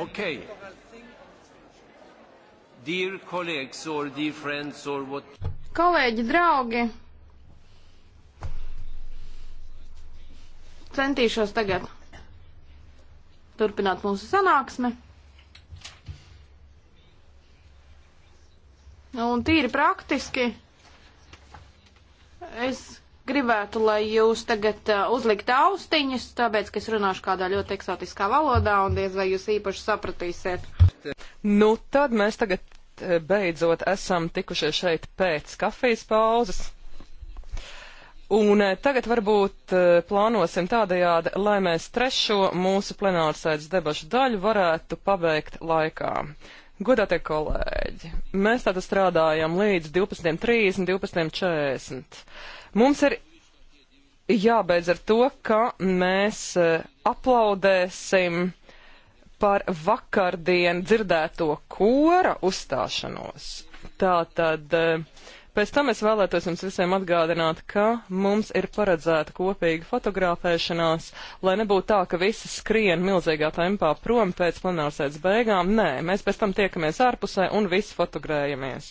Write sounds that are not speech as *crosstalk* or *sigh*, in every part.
Okay. Dear colleagues or dear friends or what... Kolēģi, draugi, centīšos tagad turpināt mūsu sanāksmi. Un tīri praktiski es gribētu, lai jūs tagad uh, uzlikt austiņas, tāpēc, ka es runāšu kādā ļoti eksotiskā valodā un diez vai jūs īpaši sapratīsiet. Nu, tad mēs tagad beidzot esam tikušies šeit pēc kafijas pauzes. Un tagad varbūt plānosim tādajādi, lai mēs trešo mūsu plenārsēdes debašu daļu varētu pabeigt laikā. Godātie kolēģi, mēs tātad strādājam līdz 12.30, 12.40. Mums ir jābeidz ar to, ka mēs e, aplaudēsim par vakardien dzirdēto kora uzstāšanos. Tātad. Uh, Pēc tam es vēlētos jums visiem atgādināt, ka mums ir paredzēta kopīga fotografēšanās, lai nebūtu tā, ka visi skrien milzīgā tempā prom pēc plenārsēdes beigām. Nē, mēs pēc tam tiekamies ārpusē un visi fotogrējamies.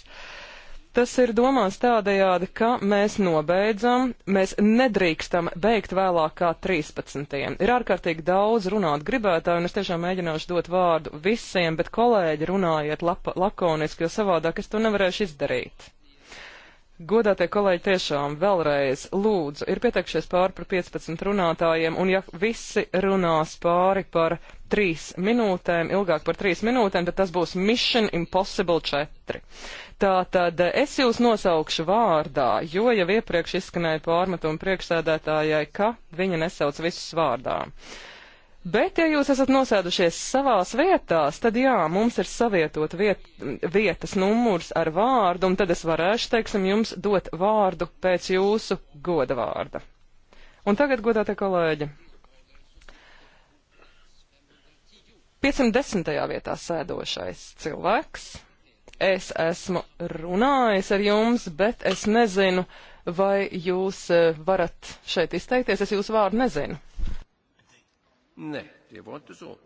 Tas ir domās tādējādi, ka mēs nobeidzam, mēs nedrīkstam beigt vēlāk kā 13. Ir ārkārtīgi daudz runāt gribētāju, un es tiešām mēģināšu dot vārdu visiem, bet kolēģi runājiet lapa, lakoniski, jo savādāk es to nevarēšu izdarīt. Godātie kolēģi, tiešām vēlreiz lūdzu, ir pieteikšies pāri par 15 runātājiem, un ja visi runās pāri par 3 minūtēm, ilgāk par 3 minūtēm, tad tas būs Mission Impossible 4. Tātad es jūs nosaukšu vārdā, jo jau iepriekš izskanēja pārmetumu priekšsēdētājai, ka viņa nesauc visus vārdā. Uh, Bet, ja jūs esat nosēdušies savās vietās, tad jā, mums ir savietot viet, vietas numurs ar vārdu, un tad es varēšu, teiksim, jums dot vārdu pēc jūsu goda vārda. Un tagad, godātie kolēģi, 510. vietā sēdošais cilvēks. Es esmu runājis ar jums, bet es nezinu, vai jūs eh, varat šeit izteikties. Es jūsu vārdu nezinu. Nē, tie want uz un.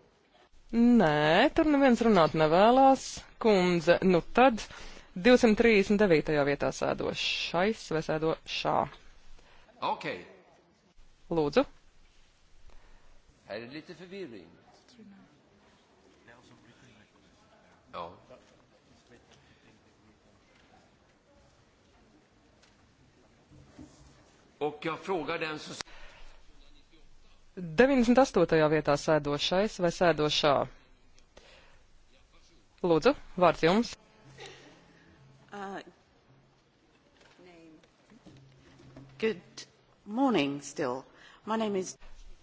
Nē, tur neviens runāt nevēlās. Kundze, nu tad 239. vietā sēdo šais vai sēdo šā. Ok. Lūdzu. Här är lite förvirring. Ja. Och jag frågar den som... 98. vietā sēdošais vai sēdošā? Lūdzu, vārds jums. Uh, good morning still. My name is.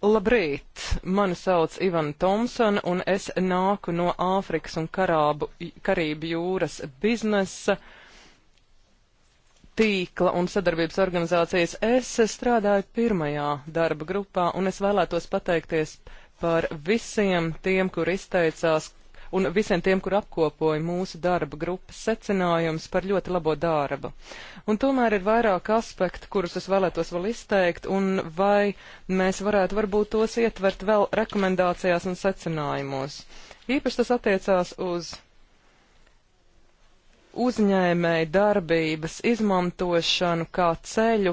Labrīt! Mani sauc Ivan Thompson, un es nāku no Āfrikas un Karābu, Karību jūras biznesa tīkla un sadarbības organizācijas. Es strādāju pirmajā darba grupā, un es vēlētos pateikties par visiem tiem, kur izteicās, un visiem tiem, kur apkopoja mūsu darba grupas secinājums par ļoti labo darbu. Un tomēr ir vairāk aspektu, kurus es vēlētos vēl izteikt, un vai mēs varētu varbūt tos ietvert vēl rekomendācijās un secinājumos. Īpaši tas attiecās uz uzņēmēju darbības izmantošanu kā ceļu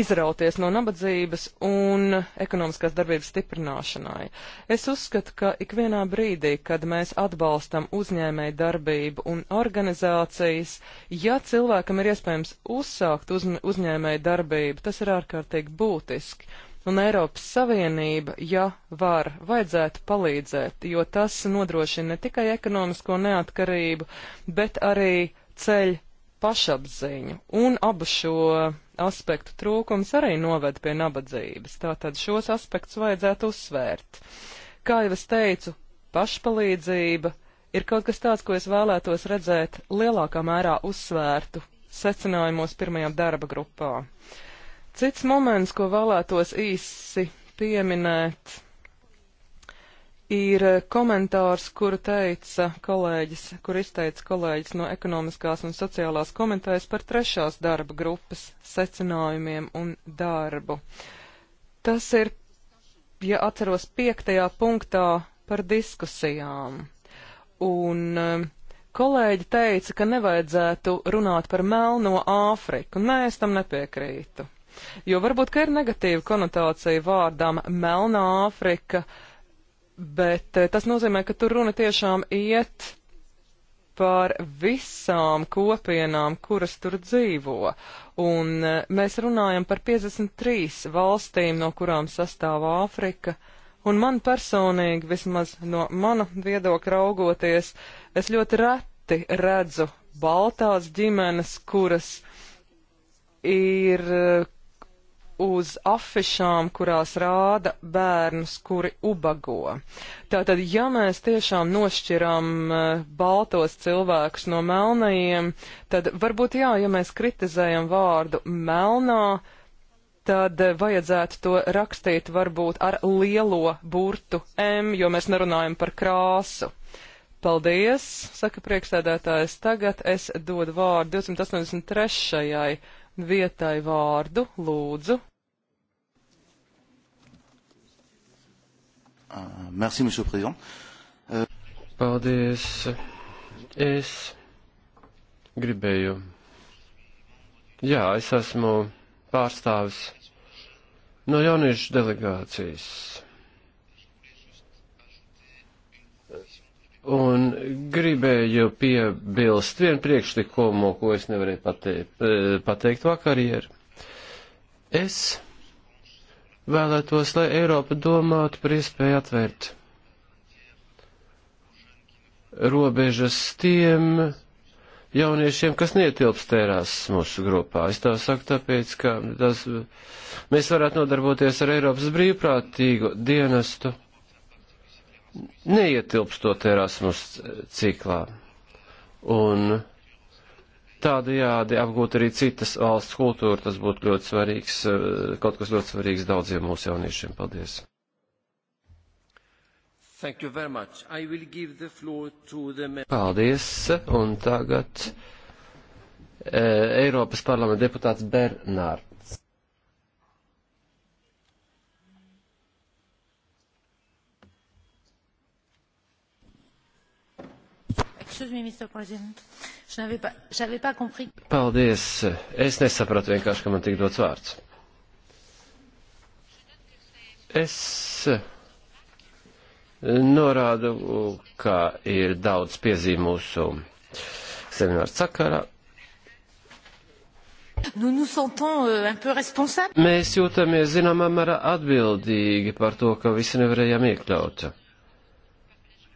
izrauties no nabadzības un ekonomiskās darbības stiprināšanai. Es uzskatu, ka ikvienā brīdī, kad mēs atbalstam uzņēmēju darbību un organizācijas, ja cilvēkam ir iespējams uzsākt uz, uzņēmēju darbību, tas ir ārkārtīgi būtiski un Eiropas Savienība, ja var, vajadzētu palīdzēt, jo tas nodrošina ne tikai ekonomisko neatkarību, bet arī ceļ pašapziņu, un abu šo aspektu trūkums arī noved pie nabadzības. Tātad šos aspektus vajadzētu uzsvērt. Kā jau es teicu, pašpalīdzība ir kaut kas tāds, ko es vēlētos redzēt lielākā mērā uzsvērtu secinājumos pirmajā darba grupā. Uh, Cits moments, ko vēlētos īsi pieminēt, ir komentārs, kuru teica kolēģis, kur izteica kolēģis no ekonomiskās un sociālās komentējas par trešās darba grupas secinājumiem un darbu. Tas ir, ja atceros, piektajā punktā par diskusijām. Un uh, kolēģi teica, ka nevajadzētu runāt par melno Āfriku. Nē, es tam nepiekrītu. Jo varbūt, ka ir negatīva konotācija vārdam Melnā Āfrika, bet eh, tas nozīmē, ka tur runa tiešām iet par visām kopienām, kuras tur dzīvo. Un eh, mēs runājam par 53 valstīm, no kurām sastāv Āfrika. Un man personīgi, vismaz no mana viedokļa raugoties, es ļoti reti redzu baltās ģimenes, kuras ir eh, uz afišām, kurās rāda bērnus, kuri ubago. Tātad, ja mēs tiešām nošķiram uh, baltos cilvēkus no melnajiem, tad varbūt jā, ja mēs kritizējam vārdu melnā, tad eh, vajadzētu to rakstīt varbūt ar lielo burtu M, jo mēs nerunājam par krāsu. Paldies, saka priekšsēdētājs. Tagad es dodu vārdu 283 vietai vārdu, lūdzu. Ah, merci, monsieur président. Euh, Paldies. Es gribēju. Jā, es esmu pārstāvis no jauniešu delegācijas Un gribēju piebilst vienu priekšlikumu, ko es nevarēju e, pateikt, pateikt vakarjer. Es vēlētos, lai Eiropa domātu par iespēju atvērt robežas tiem jauniešiem, kas neietilpst ērās mūsu grupā. Es tā saku tāpēc, ka tas, mēs varētu nodarboties ar Eiropas brīvprātīgo dienestu neietilpstot Erasmus ciklā. Un tādajādi apgūt arī citas valsts kultūru, tas būtu ļoti svarīgs, eh, kaut kas ļoti svarīgs daudziem mūsu jauniešiem. Paldies! The... Paldies, un tagad e, Eiropas parlamenta deputāts Bernārds. Paldies. Es nesapratu vienkārši, ka man tik dots vārds. Es eh, norādu, ka ir daudz piezīm mūsu semināra sakarā. Nous nous sentons euh, un peu responsables. Mēs jūtamies zināmā mērā atbildīgi par to, ka visi nevarējām iekļaut.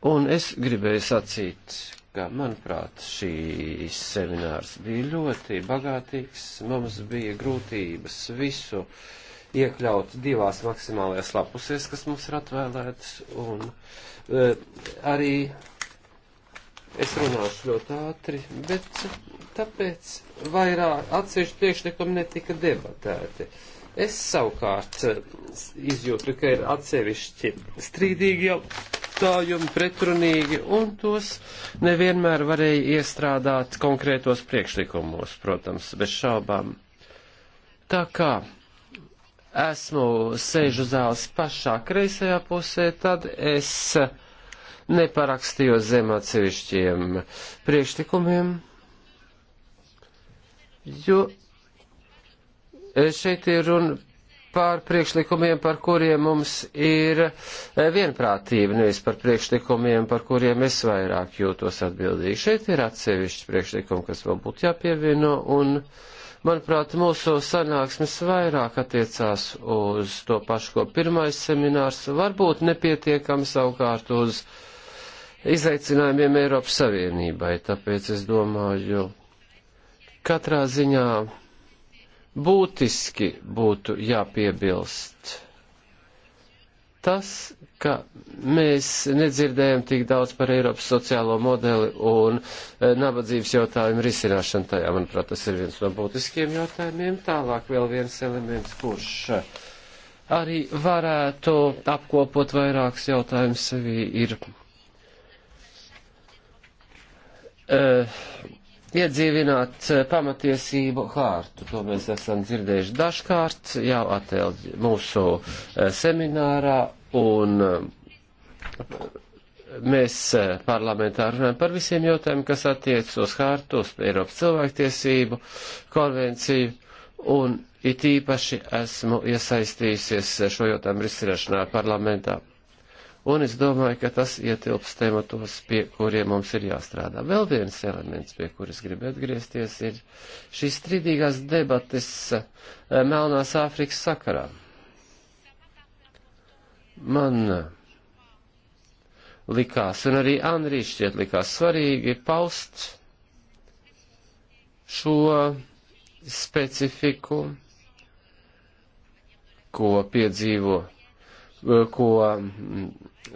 Un es gribēju sacīt, ka, manuprāt, šīs seminārs bija ļoti bagātīgs. Mums bija grūtības visu iekļaut divās maksimālajās lapusēs, kas mums ir atvēlētas, un e, arī es runāšu ļoti ātri, bet tāpēc vairāk atsevišķi priekšlikumi netika debatēti. Es savukārt izjūtu, ka ir atsevišķi strīdīgi jau jautājumi pretrunīgi, un tos nevienmēr varēja iestrādāt konkrētos priekšlikumos, protams, bez šaubām. Tā kā esmu sēžu zāles pašā kreisajā pusē, tad es neparakstījos zem atsevišķiem priekšlikumiem, jo šeit ir runa par priekšlikumiem, par kuriem mums ir e, vienprātība, nevis par priekšlikumiem, par kuriem es vairāk jūtos atbildīgi. Šeit ir atsevišķi priekšlikumi, kas vēl būtu jāpievieno, un, manuprāt, mūsu sanāksmes vairāk attiecās uz to pašu, ko pirmais seminārs, varbūt nepietiekam savukārt uz izaicinājumiem Eiropas Savienībai, tāpēc es domāju, katrā ziņā būtiski būtu jāpiebilst tas, ka mēs nedzirdējam tik daudz par Eiropas sociālo modeli un eh, nabadzības jautājumu risināšanu tajā. Manuprāt, tas ir viens no būtiskiem jautājumiem. Tālāk vēl viens elements, kurš eh, arī varētu apkopot vairākus jautājumus sevī, ir. Uh, iedzīvināt eh, pamatiesību hārtu. To mēs esam dzirdējuši dažkārt jau atēl mūsu eh, seminārā un eh, mēs parlamentā runājam par visiem jautājumiem, kas attiec uz hārtu, uz Eiropas cilvēktiesību konvenciju un it īpaši esmu iesaistījusies šo jautājumu risināšanā parlamentā un es domāju, ka tas ietilps tematos, pie kuriem mums ir jāstrādā. Vēl viens elements, pie kuras gribu atgriezties, ir šīs strīdīgās debates eh, Melnās Āfrikas sakarā. Man eh, likās, un arī Anrī šķiet likās svarīgi paust šo specifiku, ko piedzīvo ko, mm,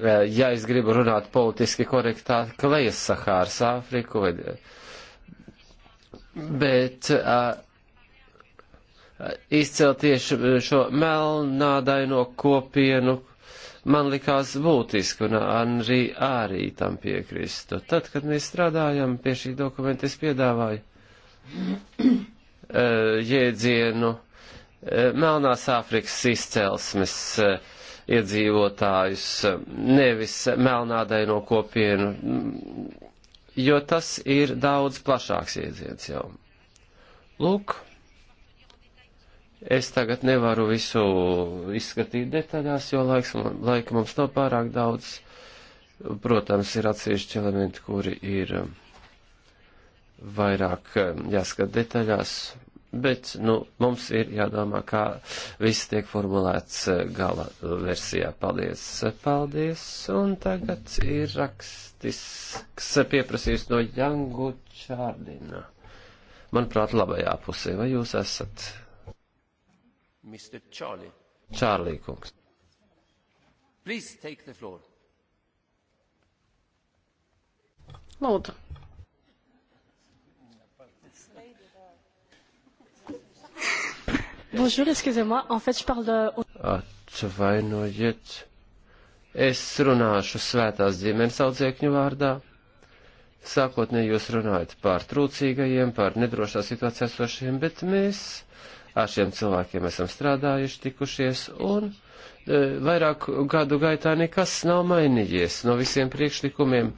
eh, ja es gribu runāt politiski korektā, klejas Sahāras Āfriku, vai, eh, bet eh, izcelt tieši šo melnādaino kopienu man likās būtiski, un Anri arī tam piekristu. Tad, kad mēs strādājam pie šī dokumenta, es piedāvāju uh, jēdzienu uh, Melnās Āfrikas izcelsmes uh, iedzīvotājus, nevis melnādaino kopienu, jo tas ir daudz plašāks iedziens jau. Lūk, es tagad nevaru visu izskatīt detaļās, jo laiks, laika mums nav pārāk daudz. Protams, ir atsevišķi elementi, kuri ir vairāk um, jāskat detaļās, bet nu, mums ir jādomā, kā viss tiek formulēts eh, gala versijā. Paldies, paldies, un tagad ir rakstisks pieprasījums no Jangu Čārdina. Manuprāt, labajā pusē, vai jūs esat? Mr. Charlie. Čārlī, kungs. Please take the floor. Lūdzu. Bonjour, excusez-moi, en fait, je parle... Atvainojiet, es runāšu svētās ģimenes audzēkņu vārdā. Sākotnēji jūs runājat par trūcīgajiem, par nedrošā situācijā sošiem, bet mēs ar šiem cilvēkiem esam strādājuši, tikušies, un Eh, vairāku gadu gaitā nekas nav mainījies no visiem priekšlikumiem,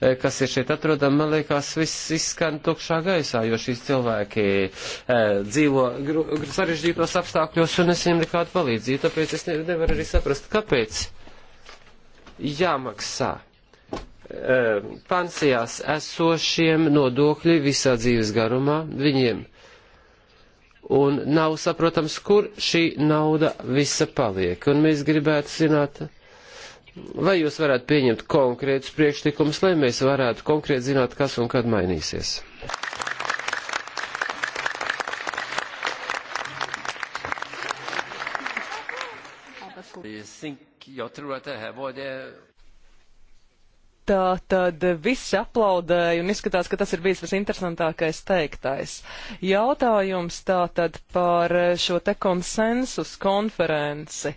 eh, kas ir šeit atrodami. Man liekas, viss izskan tukšā gaisā, jo šīs cilvēki eh, dzīvo sarežģītos apstākļos un es viņiem nekādu palīdzību. Tāpēc es nevaru arī saprast, kāpēc jāmaksā pansijās esošiem nodokļi visā dzīves garumā viņiem un nav saprotams, kur šī nauda visa paliek. Un mēs gribētu zināt, vai jūs varētu pieņemt konkrētus priekšlikumus, lai mēs varētu konkrēti zināt, kas un kad mainīsies. Think, jag tror att det här var det Tā tad viss aplaudēja un izskatās, ka tas ir bijis visinteresantākais teiktais. Jautājums tā tad par šo te konsensus konferenci.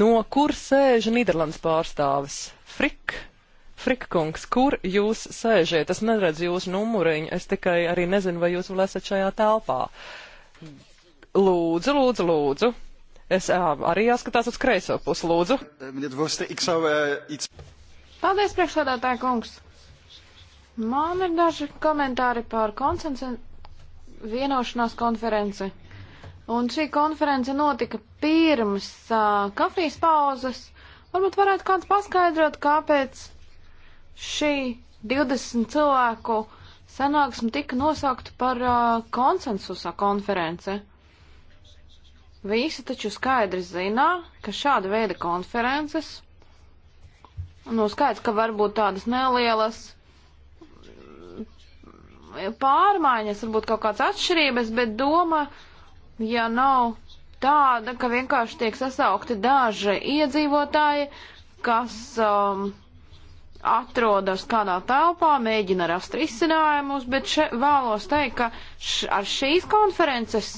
No kur sēž Nīderlandes pārstāvis? Frik? Frikkungs, kur jūs sēžiet? Es neredzu jūsu numuriņu, es tikai arī nezinu, vai jūs vēl esat šajā telpā. Lūdzu, lūdzu, lūdzu. Es ā, arī jāskatās uz kreiso pusi, lūdzu. Ministrs, ik zou uh, iets. Paldies, priekšsādātāja kungs! Man ir daži komentāri par konsensu vienošanās konferenci. Un šī konference notika pirms uh, kafijas pauzes. Varbūt varētu kāds paskaidrot, kāpēc šī 20 cilvēku sanāksme tika nosaukta par uh, konsensusā konferenci. Visi taču skaidri zinā, ka šāda veida konferences Nu, skaidrs, ka varbūt tādas nelielas pārmaiņas, varbūt kaut kādas atšķirības, bet doma, ja nav tāda, ka vienkārši tiek sasaukti daži iedzīvotāji, kas um, atrodas kādā telpā, mēģina rast risinājumus, bet še, vēlos teikt, ka š, ar šīs konferences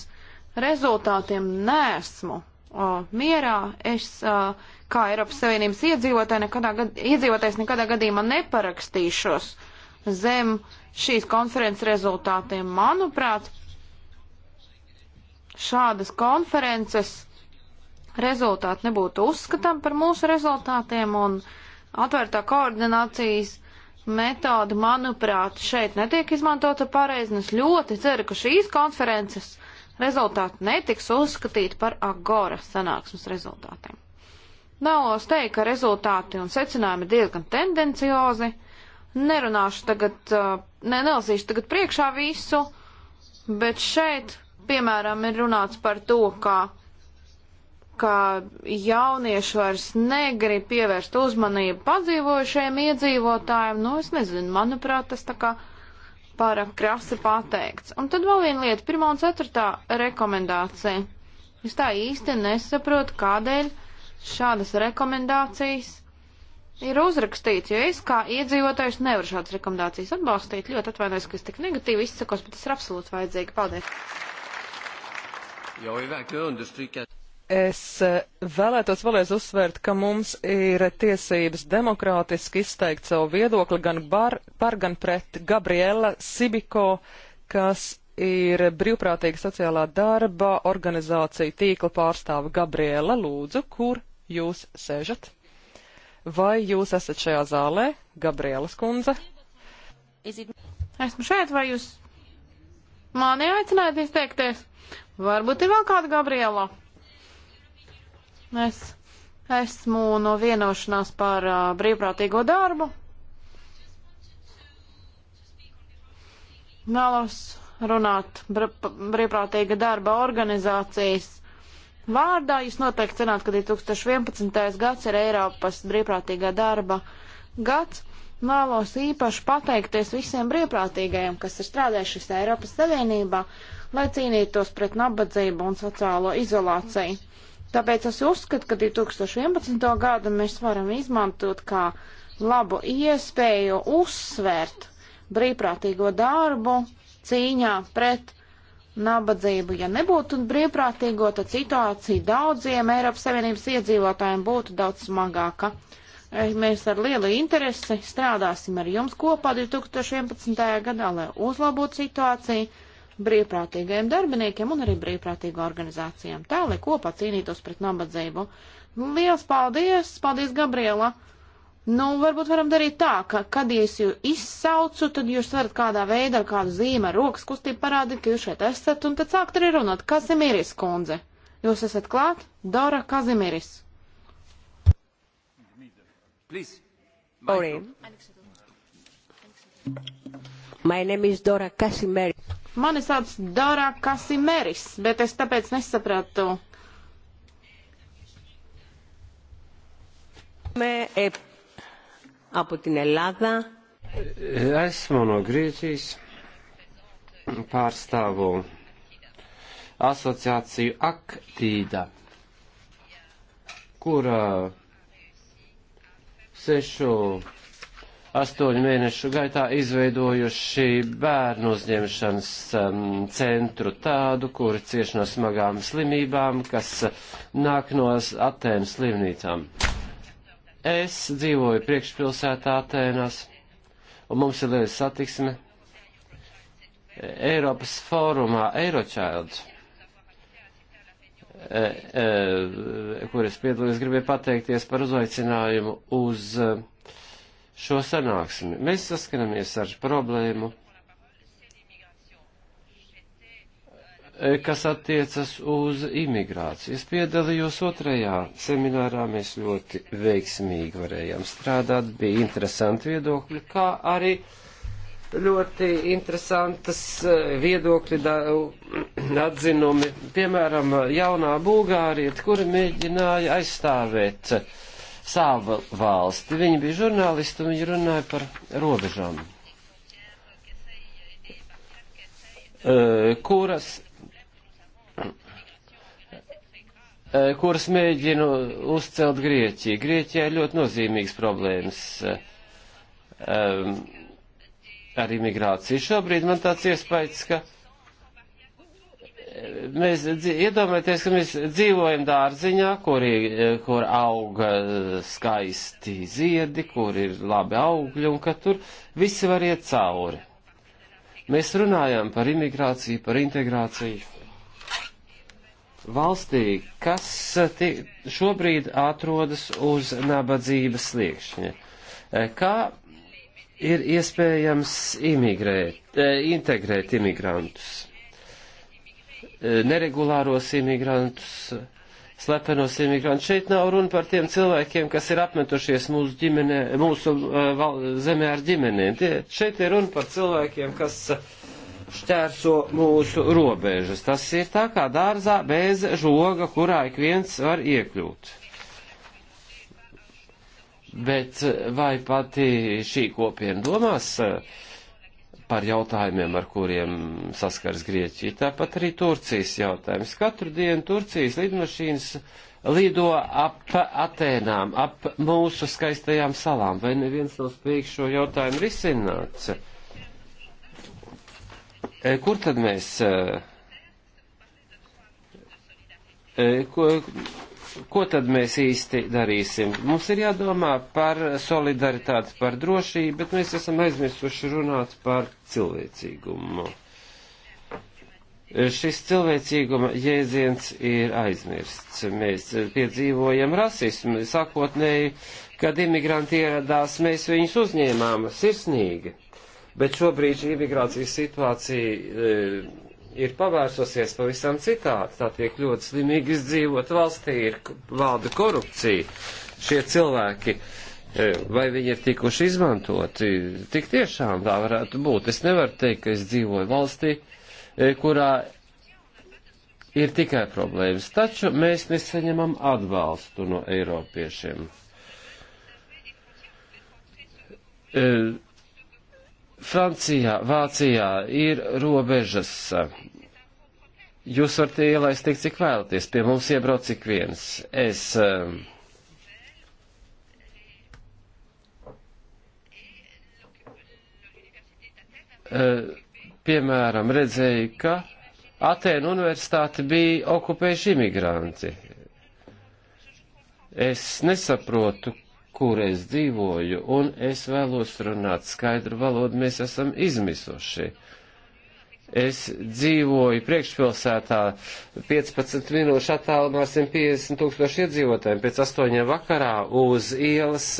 rezultātiem nesmu o, uh, mierā. Es, uh, kā Eiropas Savienības iedzīvotāji nekadā, iedzīvotājs nekadā gadījumā neparakstīšos zem šīs konferences rezultātiem. Manuprāt, šādas konferences rezultāti nebūtu uzskatām par mūsu rezultātiem un atvērtā koordinācijas metode, manuprāt, šeit netiek izmantota pareizi. Es ļoti ceru, ka šīs konferences rezultāti netiks uzskatīti par Agora sanāksmes rezultātiem. Vēlos teikt, ka rezultāti un secinājumi ir diezgan tendenciozi. Nerunāšu tagad, uh, ne, nelasīšu tagad priekšā visu, bet šeit, piemēram, ir runāts par to, ka, ka jaunieši vairs negrib pievērst uzmanību padzīvojušajiem iedzīvotājiem. Nu, es nezinu, manuprāt, tas tā kā pārāk krasi pateikts. Un tad vēl viena lieta, pirmā un ceturtā rekomendācija. Es tā īsti nesaprotu, kādēļ šādas rekomendācijas ir uzrakstīts, jo es kā iedzīvotājs nevaru šādas rekomendācijas atbalstīt. Ļoti atvainojos, ka es tik negatīvi izsakos, bet tas ir absolūti vajadzīgi. Paldies! Es eh, vēlētos vēlreiz uzsvērt, ka mums ir tiesības demokrātiski izteikt savu viedokli gan bar, par, gan pret Gabriela Sibiko, kas ir brīvprātīga sociālā darba organizācija tīkla pārstāva Gabriela Lūdzu, kur jūs sēžat? Vai jūs esat šajā zālē, Gabrielas kundze? Esmu šeit, vai jūs mani aicinājāt izteikties? Varbūt ir vēl kāda Gabriela. Es esmu no vienošanās par uh, brīvprātīgo darbu. Vēlos runāt brīvprātīga darba organizācijas vārdā. Jūs noteikti zināt, ka 2011. gads ir Eiropas brīvprātīgā darba gads. Vēlos īpaši pateikties visiem brīvprātīgajiem, kas ir strādājuši Eiropas Savienībā, lai cīnītos pret nabadzību un sociālo izolāciju. Tāpēc es uzskatu, ka 2011. gadu mēs varam izmantot kā labu iespēju uzsvērt brīvprātīgo darbu cīņā pret nabadzību. Ja nebūtu brīvprātīgo, tad situācija daudziem Eiropas Savienības iedzīvotājiem būtu daudz smagāka. Eh, mēs ar lielu interesi strādāsim ar jums kopā 2011. gadā, lai uzlabotu situāciju brīvprātīgajiem darbiniekiem un arī brīvprātīgo organizācijām, tā lai kopā cīnītos pret nabadzību. Liels paldies! Paldies, Gabriela! Nu, varbūt varam darīt tā, ka, kad es jūs izsaucu, tad jūs varat kādā veidā, kādu zīmē, rokas kustību parādīt, ka jūs šeit esat, un tad sākt arī runāt. Kazimieris kundze, jūs esat klāt? Dora Kazimieris. Please. Sorry. My name is Dora Kazimieris. Mani sauc Dora Kazimieris, bet es tāpēc nesapratu. Me, e, από την Ελλάδα. Esmu no Grieķijas, pārstāvu asociāciju Aktīda, kura sešu astoņu mēnešu gaitā izveidojuši bērnu uzņemšanas um, centru tādu, kuri cieši no smagām slimībām, kas nāk no Atēnu slimnīcām. Es dzīvoju priekšpilsētā Atēnās, un mums ir liela satiksme. Eiropas fórumā Eirochild, e, e, kur es piedalījos, gribēju pateikties par uzaicinājumu uz e, šo sanāksmi. Mēs saskaramies ar problēmu, Eh, kas attiecas uz imigrāciju. Es piedalījos otrajā seminārā, mēs ļoti veiksmīgi varējām strādāt, bija interesanti viedokļi, kā arī ļoti interesantas eh, viedokļi da, *clears throat* atzinumi. Piemēram, jaunā Bulgāriet, kura mēģināja aizstāvēt eh, savu valsti. Viņa bija žurnālisti un viņa runāja par robežām, kuras Eh, kuras mēģinu uzcelt Grieķiju. Grieķijā ir ļoti nozīmīgas problēmas um, ar imigrāciju. Šobrīd man tāds iespējas, ka eh, mēs iedomājamies, ka mēs dzīvojam dārziņā, kur, ir, kur auga skaisti ziedi, kur ir labi augļi un ka tur visi var iet cauri. Mēs runājam par imigrāciju, par integrāciju valstī, kas eh, šobrīd atrodas uz nabadzības sliekšņa. Eh, kā ir iespējams imigrēt, eh, integrēt imigrantus, neregulāros imigrantus, slepenos imigrantus. Šeit nav runa par tiem cilvēkiem, kas ir apmetušies mūsu, ģimene, mūsu zemē ar ģimenēm. Šeit ir runa par cilvēkiem, kas šķērso mūsu robežas. Tas ir tā kā dārzā bez žoga, kurā ik viens var iekļūt. Bet vai pati šī kopiena domās eh, par jautājumiem, ar kuriem saskars Grieķija? Tāpat arī Turcijas jautājums. Katru dienu Turcijas lidmašīnas lido ap Atēnām, ap mūsu skaistajām salām. Vai neviens nav spējīgs šo jautājumu risināt? Eh, kur tad mēs, eh, eh, ko, ko tad mēs īsti darīsim? Mums ir jādomā par solidaritāti, par drošību, bet mēs esam aizmirsuši runāt par cilvēcīgumu. Šis cilvēcīguma jēdziens ir aizmirsts. Mēs piedzīvojam rasismu. Sākotnēji, kad imigranti ieradās, mēs viņus uzņēmām sirsnīgi Bet šobrīd šī imigrācijas situācija e, ir pavērsusies pavisam citādi. Tā tiek ļoti slimīgi izdzīvot valstī, ir valda korupcija. Šie cilvēki, e, vai viņi ir tikuši izmantoti, tik tiešām tā varētu būt. Es nevaru teikt, ka es dzīvoju valstī, e, kurā ir tikai problēmas, taču mēs nesaņemam atbalstu no eiropiešiem. E, Francijā, Vācijā ir robežas. Jūs varat ielaist tik, cik vēlaties. Pie mums iebrauc ik viens. Es. Um, uh, piemēram, redzēju, ka Atēnu universitāti bija okupējuši imigranti. Es nesaprotu, kur es dzīvoju, un es vēlos runāt skaidru valodu, mēs esam izmisuši. Es dzīvoju priekšpilsētā 15 minūšu attālumā 150 tūkstoši iedzīvotājiem, pēc astoņiem vakarā uz ielas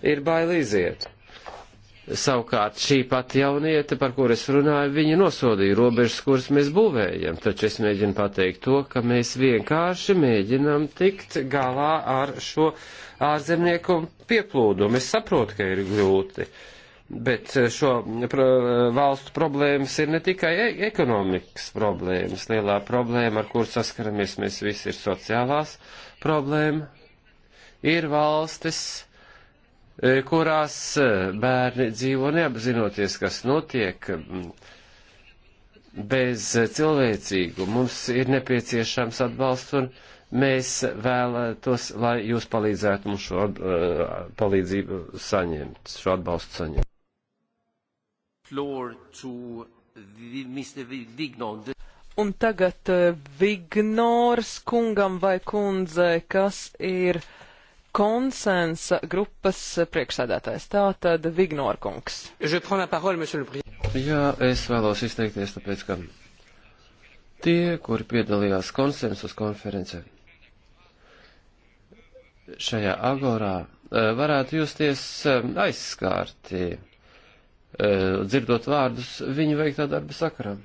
ir bail iziet. Savukārt šī pati jaunieta, par kur es runāju, viņa nosodīja robežas, kuras mēs būvējam, taču es mēģinu pateikt to, ka mēs vienkārši mēģinam tikt galā ar šo ārzemnieku pieplūdumu. Es saprotu, ka ir grūti, bet šo pro, valstu problēmas ir ne tikai e ekonomikas problēmas. Lielā problēma, ar kur saskaramies mēs visi, ir sociālās problēma. Ir valstis E, kurās e, bērni dzīvo neapzinoties, kas notiek bez cilvēcīgu. Mums ir nepieciešams atbalsts un mēs vēlētos, lai jūs palīdzētu mums šo e, palīdzību saņemt, šo atbalstu saņemt. Un tagad Vignors kungam vai kundzei, kas ir uh, konsensa grupas priekšsēdētājs. Tā tad Vignorkungs. Jā, es vēlos izteikties, tāpēc, ka tie, kuri piedalījās konsensus konferencē šajā agorā, eh, varētu justies eh, aizskārti, eh, dzirdot vārdus viņu veiktā darba sakarā.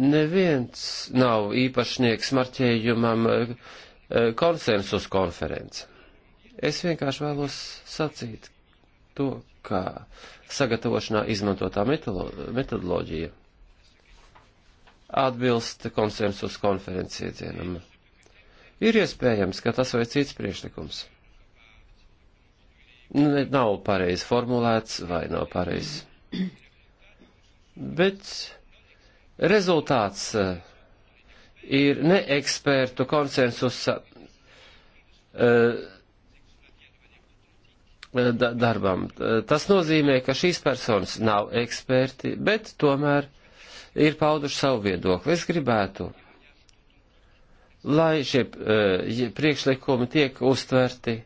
Neviens nav īpašnieks marķējumam, uh, Eh, konsensus konference. Es vienkārši vēlos sacīt to, kā sagatavošanā izmantotā metodoloģija atbilst konsensus konferences iedzienam. Ir iespējams, ka tas vai cits priekšlikums nu, nav pareizi formulēts vai nav pareizi. Bet rezultāts uh, ir ne ekspertu konsensusa uh, da darbam. Tas nozīmē, ka šīs personas nav eksperti, bet tomēr ir pauduši savu viedokli. Es gribētu, lai šie uh, priekšlikumi tiek uztverti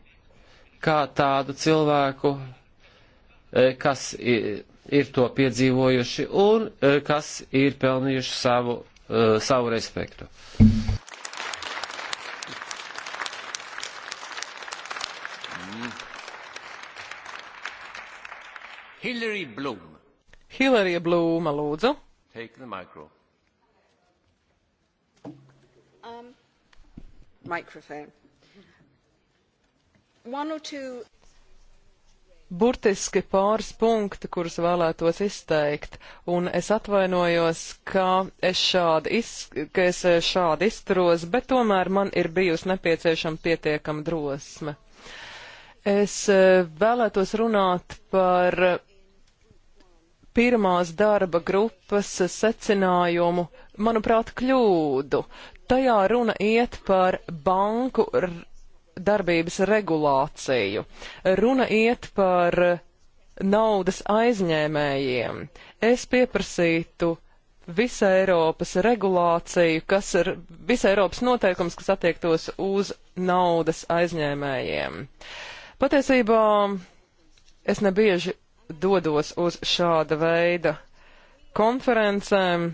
kā tādu cilvēku, uh, kas ir, ir to piedzīvojuši un uh, kas ir pelnījuši savu Uh, savu respektu. Hilary Blum. Hilary Blūma, lūdzu. Take the micro. Um, microphone. One or two burtiski pāris punkti, kurus vēlētos izteikt, un es atvainojos, ka es šādi, iz, ka es eh, šādi izturos, bet tomēr man ir bijusi nepieciešama pietiekama drosme. Es eh, vēlētos runāt par pirmās darba grupas secinājumu, manuprāt, kļūdu. Tajā runa iet par banku darbības regulāciju. Runa iet par naudas aizņēmējiem. Es pieprasītu visa Eiropas regulāciju, kas ir visa Eiropas noteikums, kas attiektos uz naudas aizņēmējiem. Patiesībā es nebieži dodos uz šāda veida konferencēm.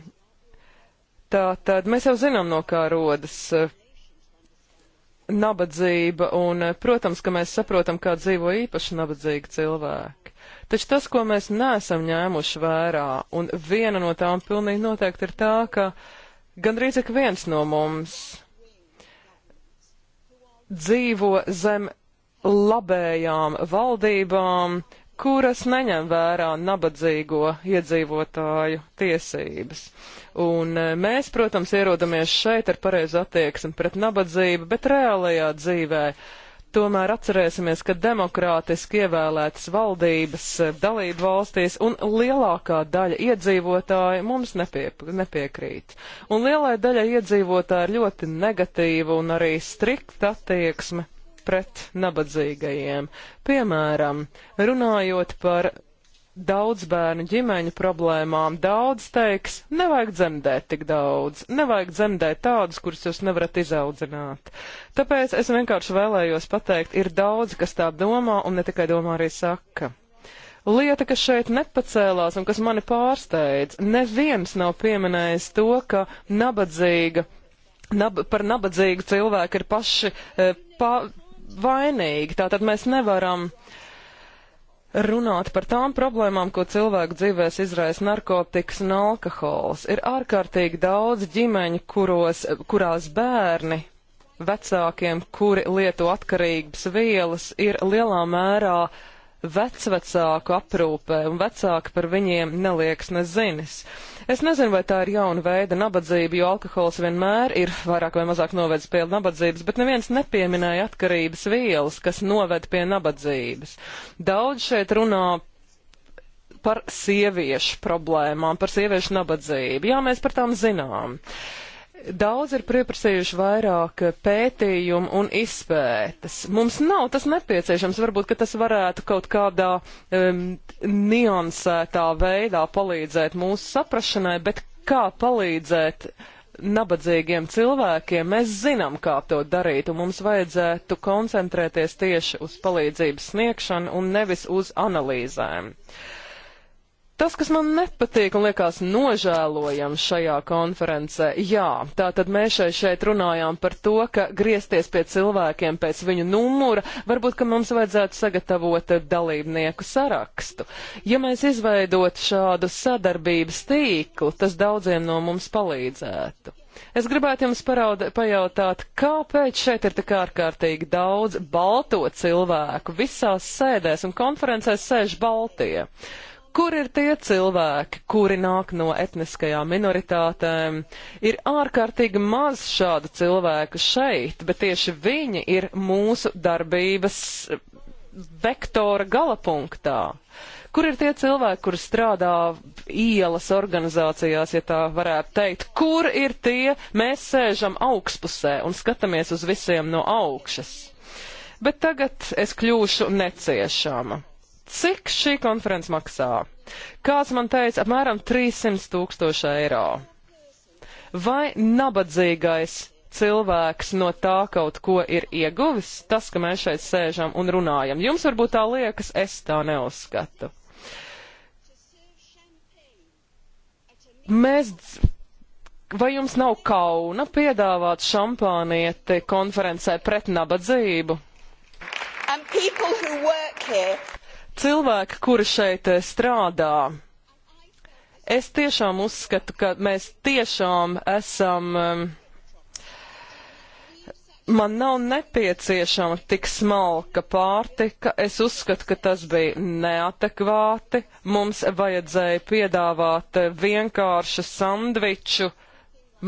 Tā tad mēs jau zinām, no kā rodas nabadzība, un, eh, protams, ka mēs saprotam, kā dzīvo īpaši nabadzīgi cilvēki. Taču tas, ko mēs neesam ņēmuši vērā, un viena no tām pilnīgi noteikti ir tā, ka gandrīz ik viens no mums dzīvo zem labējām valdībām, uh, kuras neņem vērā nabadzīgo iedzīvotāju tiesības. Un eh, mēs, protams, ierodamies šeit ar pareizu attieksmi pret nabadzību, bet reālajā dzīvē. Tomēr atcerēsimies, ka demokrātiski ievēlētas valdības eh, dalību valstīs un lielākā daļa iedzīvotāji mums nepie, nepiekrīt. Un lielai daļai iedzīvotāji ir ļoti negatīva un arī strikta attieksme pret nabadzīgajiem. Piemēram, runājot par daudz bērnu ģimeņu problēmām, daudz teiks, nevajag dzemdēt tik daudz, nevajag dzemdēt tādus, kurus jūs nevarat izaudzināt. Tāpēc es vienkārši vēlējos pateikt, ir daudz, kas tā domā un ne tikai domā arī saka. Lieta, kas šeit nepacēlās un kas mani pārsteidz, neviens nav pieminējis to, ka nabadzīga, nab, par nabadzīgu cilvēku ir paši e, pa, vainīgi. Tātad mēs nevaram runāt par tām problēmām, ko cilvēku dzīvēs izraisa narkotikas un alkohols. Ir ārkārtīgi daudz ģimeņu, kuros, kurās bērni vecākiem, kuri lieto atkarības vielas, ir lielā mērā uh, vecvecāku aprūpē, un vecāki par viņiem nelieks nezinis. Es nezinu, vai tā ir jauna veida nabadzība, jo alkohols vienmēr ir vairāk vai mazāk novedis pie nabadzības, bet neviens nepieminēja atkarības vielas, kas noved pie nabadzības. Daudz šeit runā par sieviešu problēmām, par sieviešu nabadzību. Jā, mēs par tām zinām. Uh, Daudz ir pieprasījuši vairāk pētījumu un izpētes. Mums nav tas nepieciešams. Varbūt, ka tas varētu kaut kādā um, niansētā veidā palīdzēt mūsu saprašanai, bet kā palīdzēt nabadzīgiem cilvēkiem, mēs zinām, kā to darīt, un mums vajadzētu koncentrēties tieši uz palīdzības sniegšanu un nevis uz analīzēm. Uh, Tas, kas man nepatīk un liekas nožēlojams šajā konferencē, jā, tā tad mēs šeit, šeit runājām par to, ka griezties pie cilvēkiem pēc viņu numura, varbūt, ka mums vajadzētu sagatavot dalībnieku sarakstu. Ja mēs izveidot šādu sadarbības tīklu, tas daudziem no mums palīdzētu. Es gribētu jums paraud, pajautāt, kāpēc šeit ir tik ārkārtīgi daudz balto cilvēku? Visās sēdēs un konferencēs sēž baltie kur ir tie cilvēki, kuri nāk no etniskajām minoritātēm? Ir ārkārtīgi maz šādu cilvēku šeit, bet tieši viņi ir mūsu darbības eh, vektora galapunktā. Kur ir tie cilvēki, kur strādā ielas organizācijās, ja tā varētu teikt? Kur ir tie? Mēs sēžam augšpusē un skatāmies uz visiem no augšas. Bet tagad es kļūšu neciešama. Cik šī konference maksā? Kāds man teica, apmēram 300 tūkstoši eiro. Vai nabadzīgais cilvēks no tā kaut ko ir ieguvis, tas, ka mēs šeit sēžam un runājam. Jums varbūt tā liekas, es tā neuzskatu. Mēs, vai jums nav kauna piedāvāt šampānieti konferencē pret nabadzību? Cilvēki, kuri šeit eh, strādā, es tiešām uzskatu, ka mēs tiešām esam. Ehm, man nav nepieciešama tik smalka pārtika. Es uzskatu, ka tas bija neadekvāti. Mums vajadzēja piedāvāt eh, vienkāršu sandviču,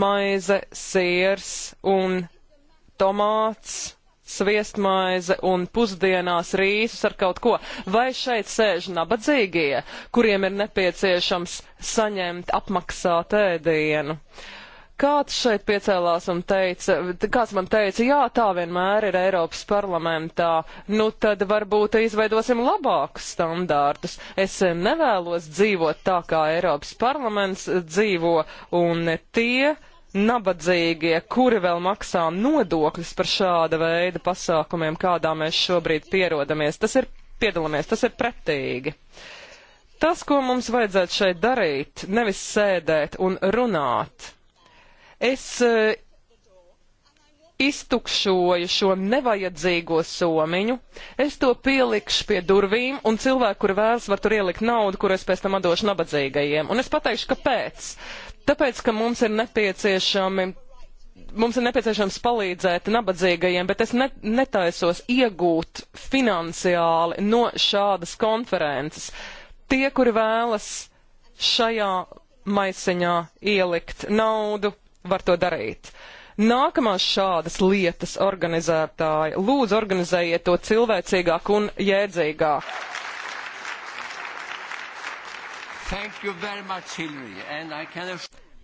maize, siers un tomāts sviestmaize un pusdienās rīsus ar kaut ko. Vai šeit sēž nabadzīgie, kuriem ir nepieciešams saņemt apmaksāt ēdienu? Kāds šeit piecēlās un teica, kāds man teica, jā, tā vienmēr ir Eiropas parlamentā, nu tad varbūt izveidosim labākus standārtus. Es nevēlos dzīvot tā, kā Eiropas parlaments dzīvo, un tie, nabadzīgie, kuri vēl maksā nodokļus par šāda veida pasākumiem, kādā mēs šobrīd pierodamies. Tas ir, piedalāmies, tas ir pretīgi. Tas, ko mums vajadzētu šeit darīt, nevis sēdēt un runāt. Es e, iztukšoju šo nevajadzīgo somiņu, es to pielikšu pie durvīm, un cilvēki, kur vēlas, var tur ielikt naudu, kur es pēc tam atdošu nabadzīgajiem. Un es pateikšu, kāpēc. Tāpēc, ka mums ir nepieciešami mums ir nepieciešams palīdzēt nabadzīgajiem, bet es ne, netaisos iegūt finansiāli no šādas konferences. Tie, kuri vēlas šajā maisiņā ielikt naudu, var to darīt. Nākamās šādas lietas organizētāji, lūdzu organizējiet to cilvēcīgāk un jēdzīgāk. Much, Hillary, can...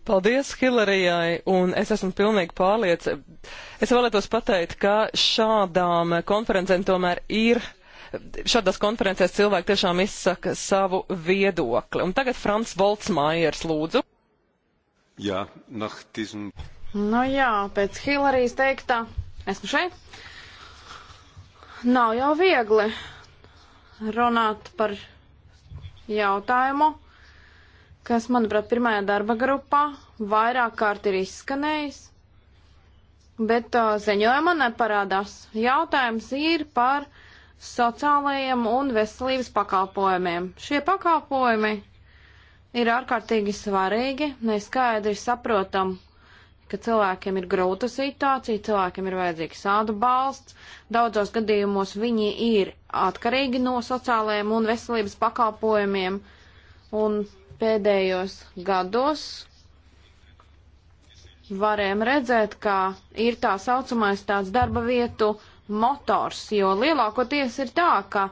Paldies Hilarijai, un es esmu pilnīgi pārliecināta. Es vēlētos pateikt, ka šādām konferencēm tomēr ir, šādās konferencēs cilvēki tiešām izsaka savu viedokli. Un tagad Frans Voltsmājers lūdzu. Jā, nach diesem. Nu jā, pēc Hilarijas teiktā, esmu šeit. Nav jau viegli runāt par jautājumu, kas, manuprāt, pirmajā darba grupā vairāk kārt ir izskanējis, bet uh, ziņojumā neparādās. Jautājums ir par sociālajiem un veselības pakalpojumiem. Šie pakalpojumi ir ārkārtīgi svarīgi, neskaidri saprotam, ka cilvēkiem ir grūta situācija, cilvēkiem ir vajadzīgs atbalsts. Daudzos gadījumos viņi ir atkarīgi no sociālajiem un veselības pakalpojumiem, un pēdējos gados varējām redzēt, ka ir tā saucamais tāds darba vietu motors, jo lielākoties ir tā, ka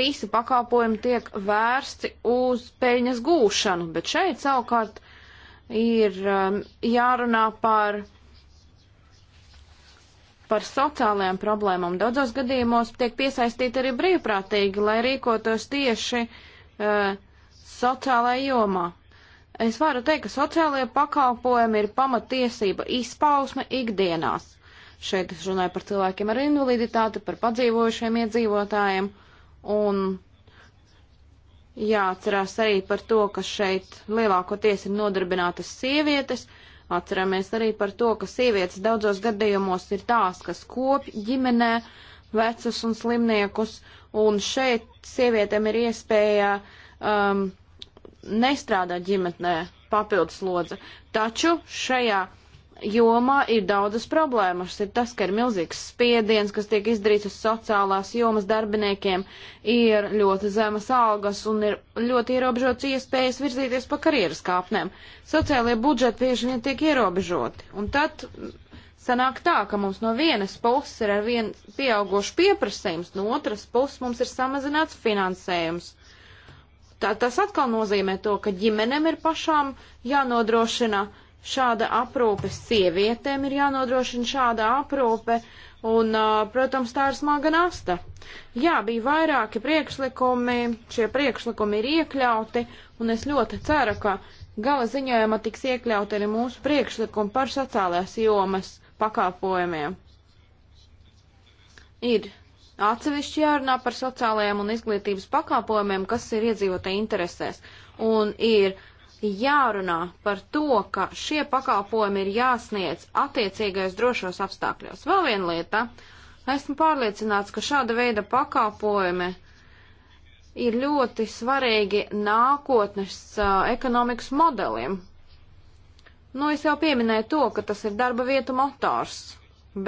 visi pakalpojumi tiek vērsti uz peļņas gūšanu, bet šeit savukārt ir um, jārunā par, par sociālajām problēmām. Daudzos gadījumos tiek piesaistīti arī brīvprātīgi, lai rīkotos tieši uh, sociālajā jomā. Es varu teikt, ka sociālajie pakalpojumi ir pamatiesība izpausme ikdienās. Šeit es runāju par cilvēkiem ar invaliditāti, par padzīvojušiem iedzīvotājiem, un jāatcerās arī par to, ka šeit lielākoties ir nodarbinātas sievietes, Atceramies arī par to, ka sievietes daudzos gadījumos ir tās, kas kopj ģimenē vecus un slimniekus, un šeit sievietēm ir iespēja um, nestrādā ģimetnē papildus lodze. Taču šajā jomā ir daudzas problēmas. Ir tas, ka ir milzīgs spiediens, kas tiek izdarīts uz sociālās jomas darbiniekiem, ir ļoti zemas algas un ir ļoti ierobežots iespējas virzīties pa karjeras kāpnēm. Sociālie budžeti bieži vien tiek ierobežoti. Un tad sanāk tā, ka mums no vienas puses ir ar vien pieaugošu pieprasījums, no otras puses mums ir samazināts finansējums tā, tas atkal nozīmē to, ka ģimenēm ir pašām jānodrošina šāda aprūpe, sievietēm ir jānodrošina šāda aprūpe, un, protams, tā ir smaga nasta. Jā, bija vairāki priekšlikumi, šie priekšlikumi ir iekļauti, un es ļoti ceru, ka gala ziņojumā tiks iekļauti arī mūsu priekšlikumi par sociālās jomas pakāpojumiem. Ir Atsevišķi jārunā par sociālajiem un izglītības pakāpojumiem, kas ir iedzīvotāji interesēs. Un ir jārunā par to, ka šie pakāpojumi ir jāsniedz attiecīgais drošos apstākļos. Vēl viena lieta. Esmu pārliecināts, ka šāda veida pakāpojumi ir ļoti svarīgi nākotnes uh, ekonomikas modelim. Nu, es jau pieminēju to, ka tas ir darba vietu motors,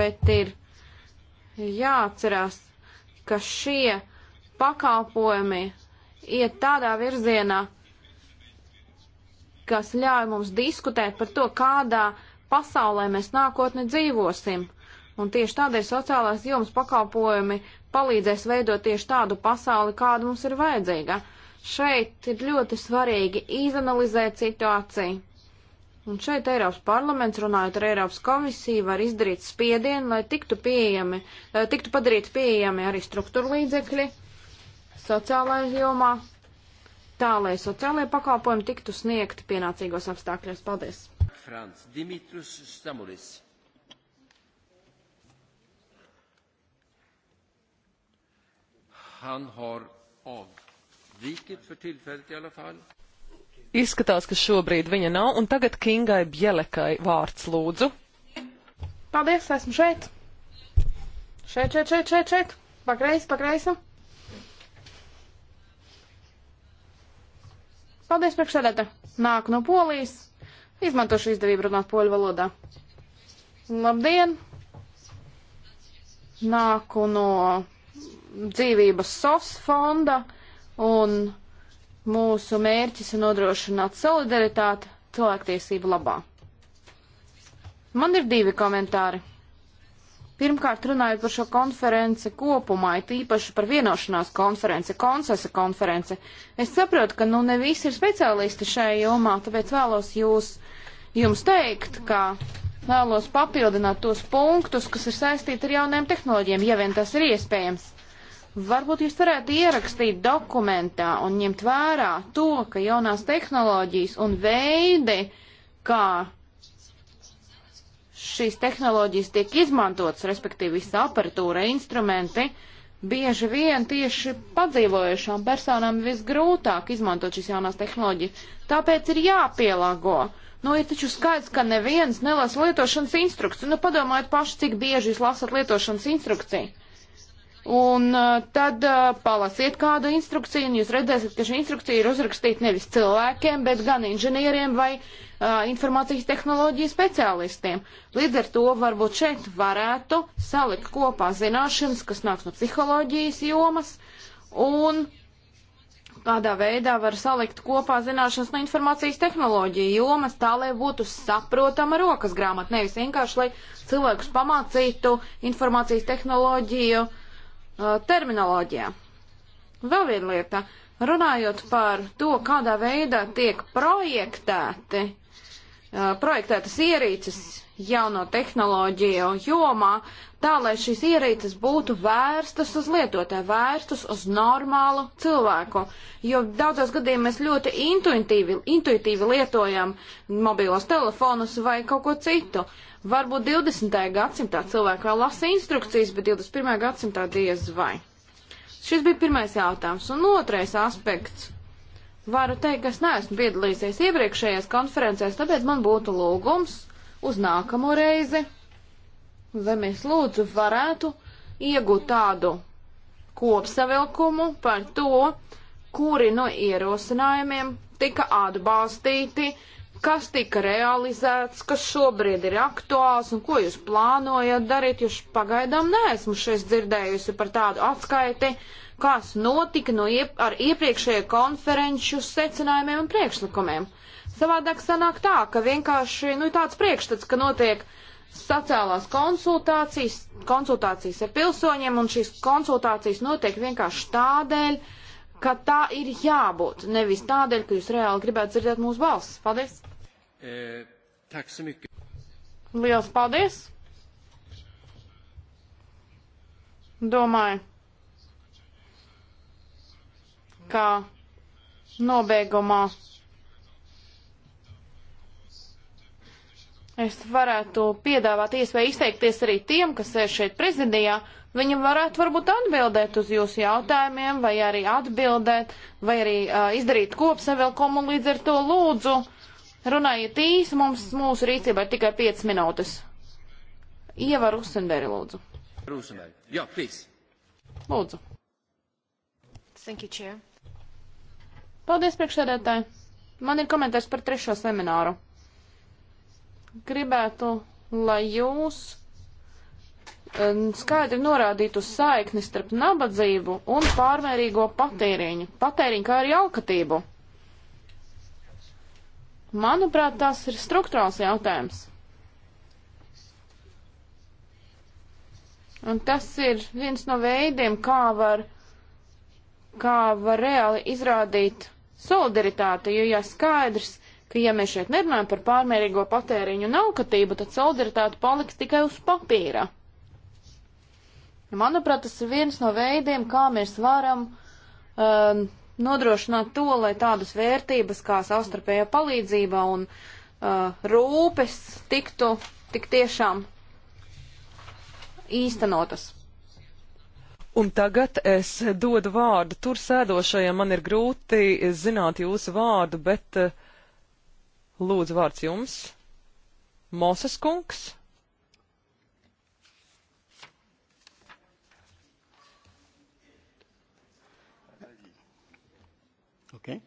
bet ir jāatcerās, ka šie pakalpojumi iet tādā virzienā, kas ļauj mums diskutēt par to, kādā pasaulē mēs nākotnē dzīvosim. Un tieši tādēļ sociālās jums pakalpojumi palīdzēs veidot tieši tādu pasauli, kāda mums ir vajadzīga. Šeit ir ļoti svarīgi izanalizēt situāciju, Un šeit Eiropas parlaments, runājot ar Eiropas komisiju, var izdarīt spiedienu, lai tiktu, pieejami, tiktu padarīti pieejami arī struktūra līdzekļi sociālajā jomā, tā lai sociālajie pakalpojumi tiktu sniegti pienācīgos apstākļos. Paldies! Frans, Dimitrus Stamulis. Han har avvikit för tillfället i alla fall. Izskatās, ka šobrīd viņa nav, un tagad Kingai Bielekai vārds lūdzu. Paldies, esmu šeit. Šeit, šeit, šeit, šeit, šeit. Pakreis, pakreisu. Paldies, priekšsēdētāji. Nāk no Polijas. Izmantošu izdevību runāt poļu valodā. Labdien! Nāku no dzīvības SOS fonda un Mūsu mērķis ir nodrošināt solidaritāti cilvēktiesību labā. Man ir divi komentāri. Pirmkārt, runājot par šo konferenci kopumā, it īpaši par vienošanās konferenci, konsesa konferenci. Es saprotu, ka nu ne visi ir speciālisti šajā jomā, tāpēc vēlos jūs, jums teikt, ka vēlos papildināt tos punktus, kas ir saistīti ar jaunajām tehnoloģijām, ja vien tas ir iespējams. Varbūt jūs varētu ierakstīt dokumentā un ņemt vērā to, ka jaunās tehnoloģijas un veidi, kā šīs tehnoloģijas tiek izmantotas, respektīvi visa aparatūra, instrumenti, bieži vien tieši padzīvojušām personām visgrūtāk izmantot šīs jaunās tehnoloģijas. Tāpēc ir jāpielāgo. Nu, ir taču skaidrs, ka neviens nelasa lietošanas instrukciju. Nu, padomājiet paši, cik bieži jūs lasat lietošanas instrukciju. Un eh, tad eh, palasiet kādu instrukciju, un jūs redzēsiet, ka šī instrukcija ir uzrakstīta nevis cilvēkiem, bet gan inženieriem vai uh, informācijas tehnoloģiju speciālistiem. Līdz ar to varbūt šeit varētu salikt kopā zināšanas, kas nāks no psiholoģijas jomas, un kādā veidā var salikt kopā zināšanas no informācijas tehnoloģiju jomas, tā lai būtu saprotama rokas grāmata, nevis vienkārši, lai cilvēkus pamācītu informācijas tehnoloģiju uh, Uh, terminoloģijā. Vēl viena lieta, runājot par to, kādā veidā tiek projektēti, uh, projektētas ierīces, jauno tehnoloģiju jomā, tā lai šīs ierīces būtu vērstas uz lietotāju, vērstas uz normālu cilvēku. Jo daudzos gadījumos mēs ļoti intuitīvi, intuitīvi lietojam mobilos telefonus vai kaut ko citu. Varbūt 20. gadsimtā cilvēki vēl lasa instrukcijas, bet 21. gadsimtā diez vai. Šis bija pirmais jautājums. Un otrais aspekts. Varu teikt, ka es neesmu piedalījies iepriekšējās konferencēs, tāpēc man būtu lūgums uz nākamo reizi, vai mēs lūdzu varētu iegūt tādu kopsavilkumu par to, kuri no ierosinājumiem tika atbalstīti, kas tika realizēts, kas šobrīd ir aktuāls un ko jūs plānojat darīt, jo pagaidām neesmu šeit dzirdējusi par tādu atskaiti, kas notika no iep ar iepriekšējo konferenču secinājumiem un priekšlikumiem. Savādāk sanāk tā, ka vienkārši nu, ir tāds priekšstats, ka notiek sociālās konsultācijas, konsultācijas ar pilsoņiem, un šīs konsultācijas notiek vienkārši tādēļ, ka tā ir jābūt, nevis tādēļ, ka jūs reāli gribētu dzirdēt mūsu balsis. Paldies! E, eh, Lielas paldies! Domāju, ka nobeigumā Es varētu piedāvāt iespēju izteikties arī tiem, kas sēž šeit prezidijā. Viņi varētu varbūt atbildēt uz jūsu jautājumiem, vai arī atbildēt, vai arī uh, izdarīt kopsavilkumu un līdz ar to lūdzu. Runājiet īsi, mums mūsu rīcībā ir tikai 5 minūtes. Ieva Rusenderi, lūdzu. Rusenderi, jā, please. Lūdzu. Thank you, Chair. Paldies, priekšsēdētāji. Man ir komentārs par trešo semināru gribētu, lai jūs eh, skaidri norādītu saikni starp nabadzību un pārmērīgo patēriņu, patēriņu kā arī alkatību. Manuprāt, tas ir struktūrāls jautājums. Un tas ir viens no veidiem, kā var, kā var reāli izrādīt solidaritāti, jo, ja skaidrs, ka ja mēs šeit nerunājam par pārmērīgo patēriņu un aukatību, tad solidaritāte paliks tikai uz papīra. Manuprāt, tas ir viens no veidiem, kā mēs varam um, nodrošināt to, lai tādas vērtības kā savstarpējā palīdzība un uh, rūpes tiktu tik tiešām īstenotas. Un tagad es dodu vārdu tur sēdošajam, man ir grūti zināt jūsu vārdu, bet uh, Lūdzu, vārds jums. Moses kungs. Okay.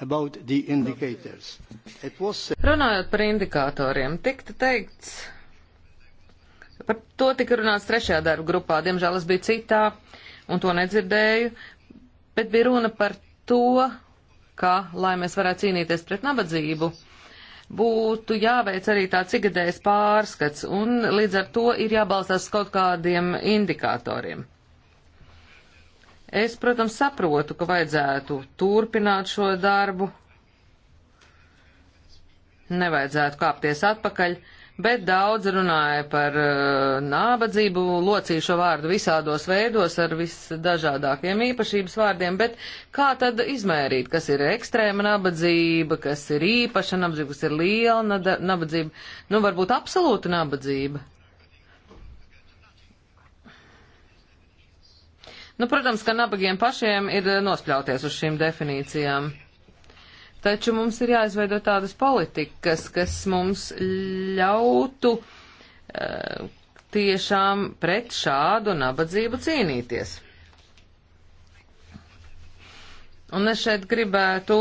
Was... Runājot par indikatoriem, tikta teikts, par to tika runāts trešajā darba grupā, diemžēl es biju citā un to nedzirdēju, bet bija runa par to, ka, lai mēs varētu cīnīties pret nabadzību, būtu jāveic arī tāds ikgadējs pārskats, un līdz ar to ir jābalstās kaut kādiem indikatoriem. Es, protams, saprotu, ka vajadzētu turpināt šo darbu, nevajadzētu kāpties atpakaļ, uh, bet daudz runāja par uh, nabadzību, locīju šo vārdu visādos veidos ar visdažādākiem īpašības vārdiem, bet kā tad izmērīt, kas ir ekstrēma nabadzība, kas ir īpaša nabadzība, kas ir liela nabadzība, nu varbūt absolūta nabadzība? Nu, protams, ka nabagiem pašiem ir eh, nospļauties uz šīm definīcijām. Taču mums ir jāizveido tādas politikas, kas mums ļautu e, tiešām pret šādu nabadzību cīnīties. Un es šeit gribētu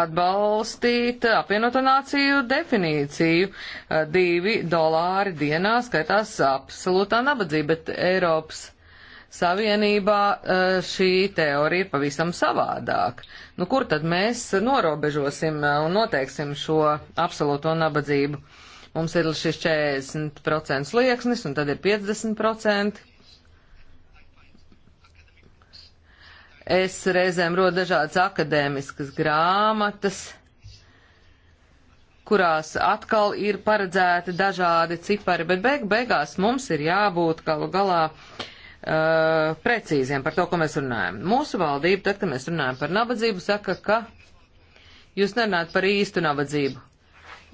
atbalstīt apvienoto nāciju definīciju. Eh, divi dolāri dienā skaitās absolūtā nabadzība, bet Eiropas Savienībā e, šī teorija ir pavisam savādāk. Nu, kur tad mēs norobežosim e, un noteiksim šo absolūto nabadzību? Mums ir šis 40% liekas, un tad ir 50%. Es reizēm rodu dažādas akadēmiskas grāmatas kurās atkal ir paredzēti dažādi cipari, bet beig beigās mums ir jābūt galu galā uh, uh, precīziem par to, ko mēs runājam. Mūsu valdība, tad, kad mēs runājam par nabadzību, saka, ka jūs nerunājat par īstu nabadzību.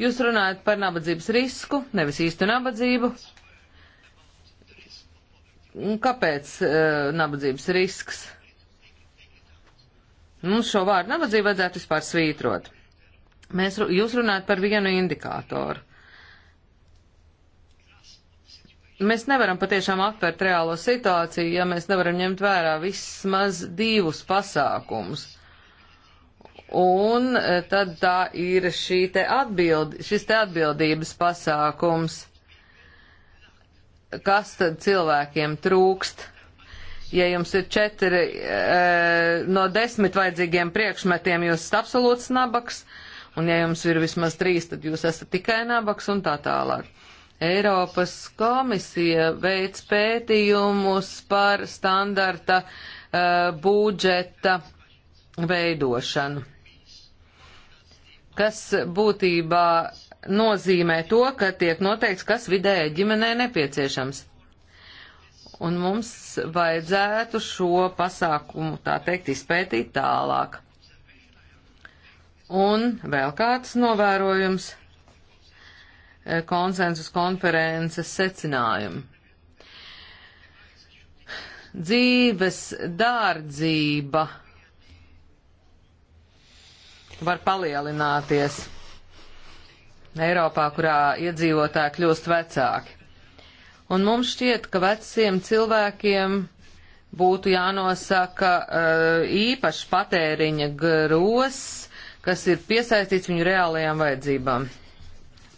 Jūs runājat par nabadzības risku, nevis īstu nabadzību. Kāpēc uh, nabadzības risks? Mums šo vārdu nabadzību vajadzētu vispār svītrot. Mēs, jūs runājat par vienu indikātoru. Mēs nevaram patiešām aptvert reālo situāciju, ja mēs nevaram ņemt vērā vismaz divus pasākumus. Un e, tad tā ir šī te atbild, šis te atbildības pasākums, kas tad cilvēkiem trūkst. Ja jums ir četri e, no desmit vajadzīgiem priekšmetiem, jūs esat absolūts nabaks, un ja jums ir vismaz trīs, tad jūs esat tikai nabaks un tā tālāk. Eiropas komisija veic pētījumus par standarta uh, budžeta veidošanu, kas būtībā nozīmē to, ka tiek noteikts, kas vidēji ģimenē nepieciešams. Un mums vajadzētu šo pasākumu, tā teikt, izpētīt tālāk. Un vēl kāds novērojums. Eh, konsensus konferences secinājumi. Dzīves dārdzība var palielināties Eiropā, kurā iedzīvotāji kļūst vecāki. Un mums šķiet, ka veciem cilvēkiem būtu jānosaka eh, īpaši patēriņa gros, kas ir piesaistīts viņu reālajām vajadzībām.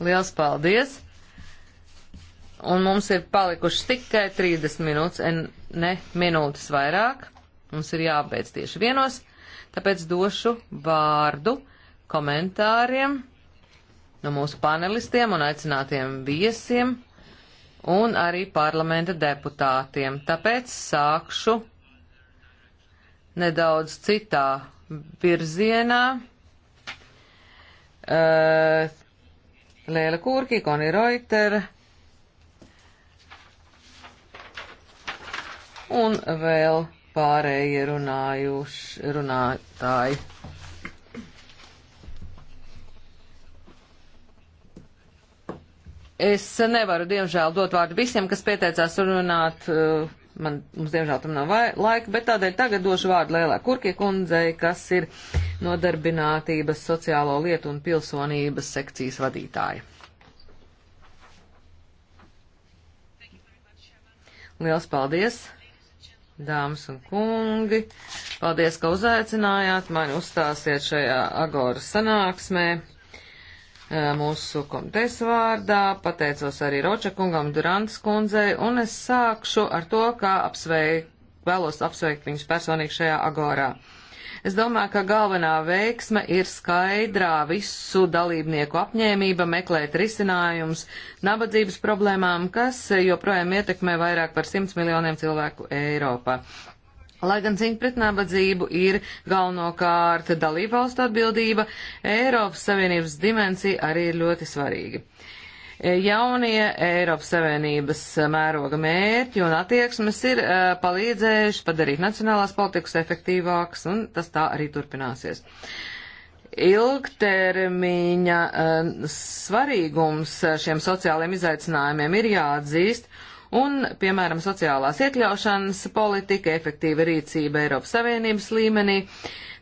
Liels paldies! Un mums ir palikušas tikai 30 minūtes, ne minūtes vairāk. Mums ir jābeidz tieši vienos, tāpēc došu vārdu komentāriem no mūsu panelistiem un aicinātiem viesiem un arī parlamenta deputātiem. Tāpēc sākšu nedaudz citā virzienā, eh, Leela Kurki, Connie Reuter un vēl pārējie runājuši, runātāji. Es nevaru, diemžēl, dot vārdu visiem, kas pieteicās runāt uh, man, mums diemžēl tam nav laika, bet tādēļ tagad došu vārdu Lēlē Kurkie kundzei, kas ir nodarbinātības sociālo lietu un pilsonības sekcijas vadītāja. Liels paldies, dāmas un kungi! Paldies, ka uzaicinājāt mani uzstāsiet šajā Agoras sanāksmē. Eh, mūsu komitejas vārdā, pateicos arī Ročakungam, Durantas kundzei, un es sākšu ar to, kā apsveik, vēlos apsveikt viņus personīgi šajā agorā. Es domāju, ka galvenā veiksme ir skaidrā visu dalībnieku apņēmība meklēt risinājums nabadzības problēmām, kas joprojām ietekmē vairāk par 100 miljoniem cilvēku Eiropā. Lai gan cīņa pret nabadzību ir galvenokārt dalībvalstu atbildība, Eiropas Savienības dimensija arī ir ļoti svarīga. E, jaunie Eiropas Savienības mēroga mērķi un attieksmes ir uh, palīdzējuši padarīt nacionālās politikas efektīvākas, un tas tā arī turpināsies. Ilgtermiņa uh, svarīgums šiem sociālajiem izaicinājumiem ir jāatzīst, uh, Un, piemēram, sociālās iekļaušanas politika, efektīva rīcība Eiropas Savienības līmenī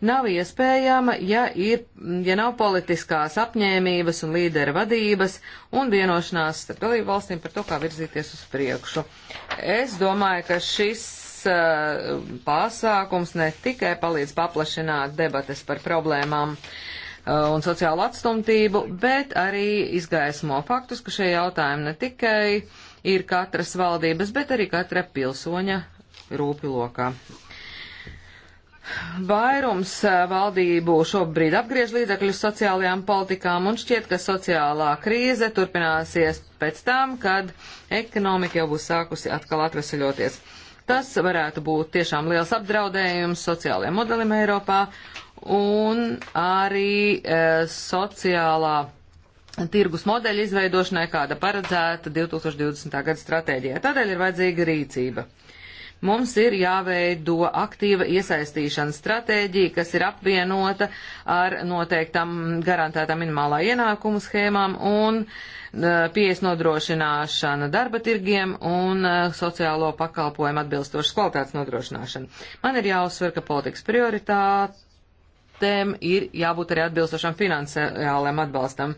nav iespējama, ja, ir, ja nav politiskās apņēmības un līdera vadības un vienošanās starp dalību valstīm par to, kā virzīties uz priekšu. Es domāju, ka šis uh, pasākums ne tikai palīdz paplašināt debates par problēmām, eh, un sociālo atstumtību, bet arī izgaismo faktus, ka šie jautājumi ne tikai uh, ir katras valdības, bet arī katra pilsoņa rūpilokā. Vairums valdību šobrīd apgriež līdzekļus sociālajām politikām un šķiet, ka sociālā krīze turpināsies pēc tam, kad ekonomika jau būs sākusi atkal atvesaļoties. Tas varētu būt tiešām liels apdraudējums sociālajiem modelim Eiropā un arī e, sociālā tirgus modeļa izveidošanai, kāda paredzēta 2020. gada stratēģijā. Tādēļ ir vajadzīga rīcība. Mums ir jāveido aktīva iesaistīšanas stratēģija, kas ir apvienota ar noteiktam garantētā minimālā ienākumu schēmām un pieejas nodrošināšana darba tirgiem un sociālo pakalpojumu atbilstošas kvalitātes nodrošināšana. Man ir jāuzsver, ka politikas prioritāte tēm ir jābūt arī atbilstošam finansiālajam atbalstam.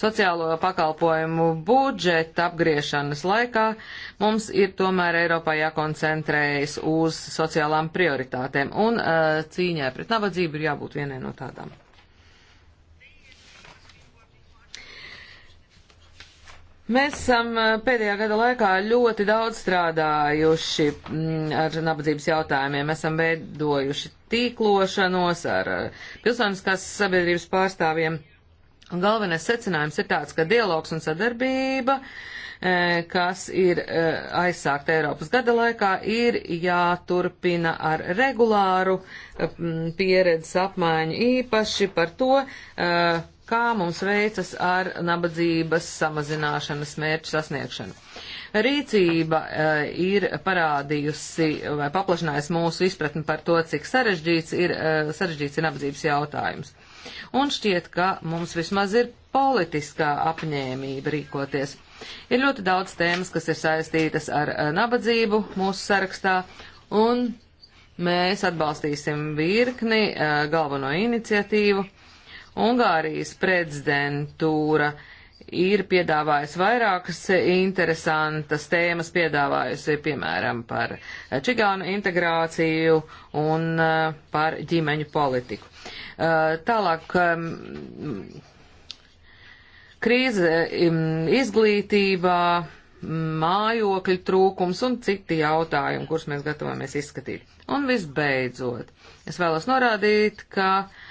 Sociālo pakalpojumu budžeta apgriešanas laikā mums ir tomēr Eiropā jākoncentrējas uz sociālām prioritātēm, un uh, cīņai pret nabadzību ir jābūt vienai no tādām. Mēs esam eh, pēdējā gada laikā ļoti daudz strādājuši mm, ar nabadzības jautājumiem. Mēs esam veidojuši tīklošanos ar eh, pilsoniskās sabiedrības pārstāvjiem. Un galvenais secinājums ir tāds, ka dialogs un sadarbība, eh, kas ir aizsākta Eiropas gada laikā, ir jāturpina ar regulāru pieredzes apmaiņu īpaši par to, kā mums veicas ar nabadzības samazināšanas mērķu sasniegšanu. Rīcība eh, ir parādījusi vai paplašinājusi mūsu izpratni par to, cik sarežģīts ir, eh, sarežģīts ir nabadzības jautājums. Un šķiet, ka mums vismaz ir politiskā apņēmība rīkoties. Ir ļoti daudz tēmas, kas ir saistītas ar eh, nabadzību mūsu sarakstā, un mēs atbalstīsim virkni galveno iniciatīvu Ungārijas prezidentūra ir piedāvājusi vairākas interesantas tēmas, piedāvājusi piemēram par čigānu integrāciju un eh, par ģimeņu politiku. Eh, tālāk krīze izglītībā, mājokļu trūkums un citi jautājumi, kurus mēs gatavamies izskatīt. Un visbeidzot, es vēlos norādīt, ka uh,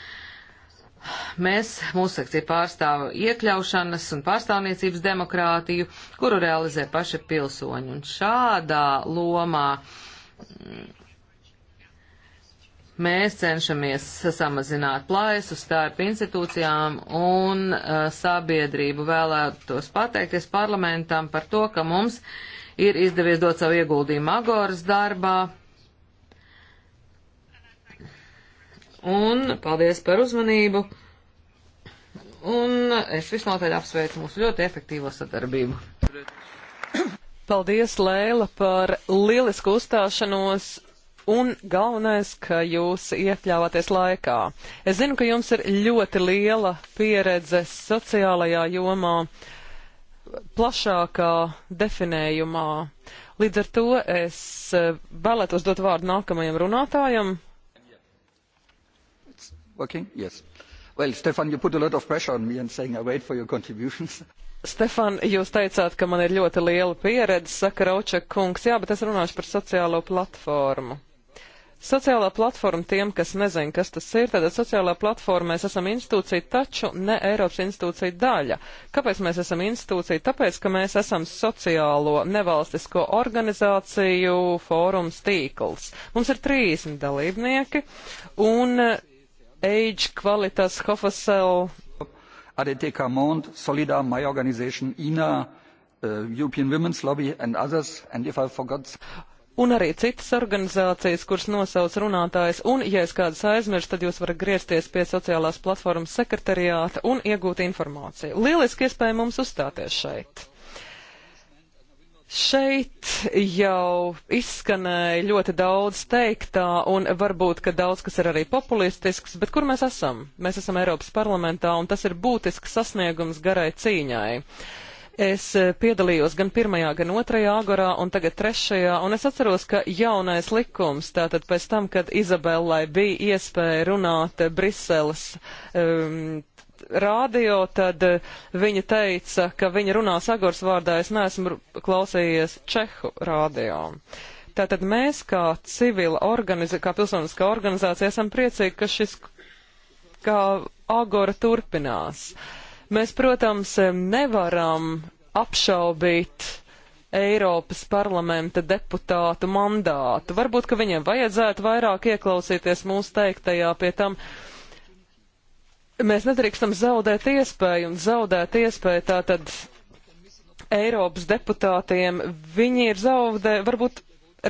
Mēs, mūsu sekcija pārstāv iekļaušanas un pārstāvniecības demokrātiju, kuru realizē paši pilsoņi. Un šādā lomā mm, mēs cenšamies samazināt plaisu starp institūcijām un uh, sabiedrību. Vēlētos pateikties parlamentam par to, ka mums ir izdevies dot savu ieguldījumu Agoras darbā Un paldies par uzmanību. Un es visnotaļ apsveicu mūsu ļoti efektīvo sadarbību. Paldies, Lēla, par lielisku uzstāšanos un galvenais, ka jūs iekļāvāties laikā. Es zinu, ka jums ir ļoti liela pieredze sociālajā jomā, plašākā definējumā. Līdz ar to es eh, vēlētos dot vārdu nākamajam runātājam, working? Yes. Well, Stefan, you put a lot of pressure on me and saying I wait for your contributions. *laughs* Stefan, jūs teicāt, ka man ir ļoti liela pieredze, saka Raučak kungs. Jā, bet es runāšu par sociālo platformu. Sociālā platforma tiem, kas nezin, kas tas ir, tātad sociālā platforma mēs esam institūcija, taču ne Eiropas institūcija daļa. Kāpēc mēs esam institūcija? Tāpēc, ka mēs esam sociālo nevalstisko organizāciju fórums tīkls. Mums ir 30 dalībnieki, un age qualitas Hofesel. Adeteca Mond, Solida, my organization, INA, uh, European Women's Lobby and others, and if I forgot un arī citas organizācijas, kuras nosauc runātājs, un, ja es kādas aizmirstu, tad jūs varat griezties pie sociālās platformas sekretariāta un iegūt informāciju. Lieliski iespēja mums uzstāties šeit! Šeit jau izskanēja ļoti daudz teiktā, un varbūt, ka daudz kas ir arī populistisks, bet kur mēs esam? Mēs esam Eiropas parlamentā, un tas ir būtisks sasniegums garai cīņai. Es piedalījos gan pirmajā, gan otrajā agorā, un tagad trešajā, un es atceros, ka jaunais likums, tātad pēc tam, kad Izabellai bija iespēja runāt Briseles um, rādio, tad eh, viņa teica, ka viņa runā Sagors vārdā, es neesmu klausījies Čehu rādio. Tātad mēs kā civila organizācija, kā pilsoniskā organizācija esam priecīgi, ka šis, kā Agora turpinās. Mēs, protams, nevaram apšaubīt Eiropas parlamenta deputātu mandātu. Varbūt, ka viņiem vajadzētu vairāk ieklausīties mūsu teiktajā pie tam. Uh, mēs nedrīkstam zaudēt iespēju un zaudēt iespēju tātad Eiropas deputātiem. Viņi ir zaudē, varbūt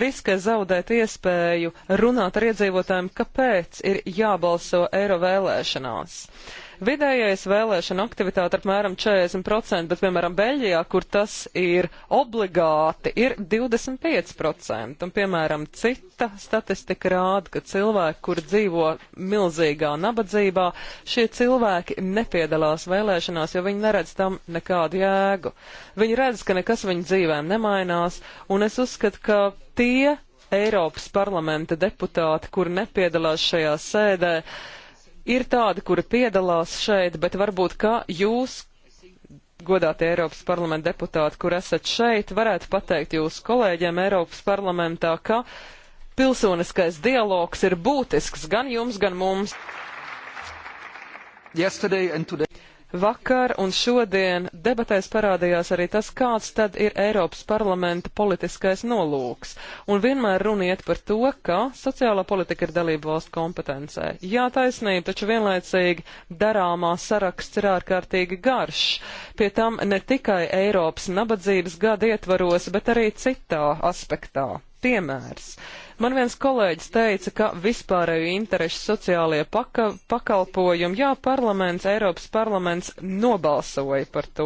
riskē zaudēt iespēju runāt ar iedzīvotājiem, kāpēc ir jābalso Eiro vēlēšanās. Uh, Vidējais vēlēšana aktivitāte apmēram 40%, bet, piemēram, Beļģijā, kur tas ir obligāti, ir 25%. Un, piemēram, cita statistika rāda, ka cilvēki, kur dzīvo milzīgā nabadzībā, šie cilvēki nepiedalās vēlēšanās, jo viņi neredz tam nekādu jēgu. Viņi redz, ka nekas viņu dzīvēm nemainās, un es uzskatu, ka tie Eiropas parlamenta deputāti, kuri nepiedalās šajā sēdē, uh, ir tādi, kuri piedalās šeit, bet varbūt kā jūs, godātie Eiropas parlamenta deputāti, kur esat šeit, varētu pateikt jūsu kolēģiem Eiropas parlamentā, ka pilsoniskais dialogs ir būtisks gan jums, gan mums. Yesterday and today. Vakar un šodien debatēs parādījās arī tas, kāds tad ir Eiropas parlamenta politiskais nolūks. Un vienmēr runiet par to, ka sociālā politika ir dalība valsts kompetencē. Jā, taisnība, taču vienlaicīgi darāmā saraksts ir ārkārtīgi garš. Pie tam ne tikai Eiropas nabadzības gada ietvaros, bet arī citā aspektā piemērs. Man viens kolēģis teica, ka vispārēju interešu sociālajie paka pakalpojumi, jā, parlaments, Eiropas parlaments nobalsoja par to.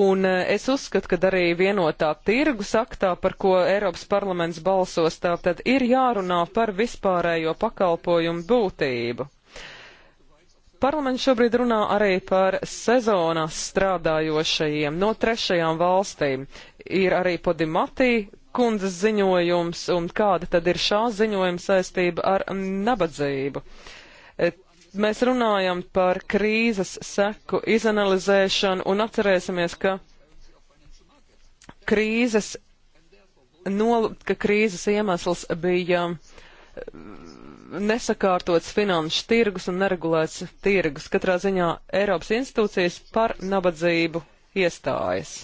Un eh, es uzskatu, ka arī vienotā tirgus aktā, par ko Eiropas parlaments balsos, tātad ir jārunā par vispārējo pakalpojumu būtību. Parlaments šobrīd runā arī par sezonās strādājošajiem no trešajām valstīm. Ir arī Podimatī kundzes ziņojums un kāda tad ir šā ziņojuma saistība ar nabadzību. E, mēs runājam par krīzes seku izanalizēšanu un atcerēsimies, ka krīzes, nol, ka krīzes iemesls bija e, nesakārtots finanšu tirgus un neregulēts tirgus. Katrā ziņā Eiropas institūcijas par nabadzību iestājas.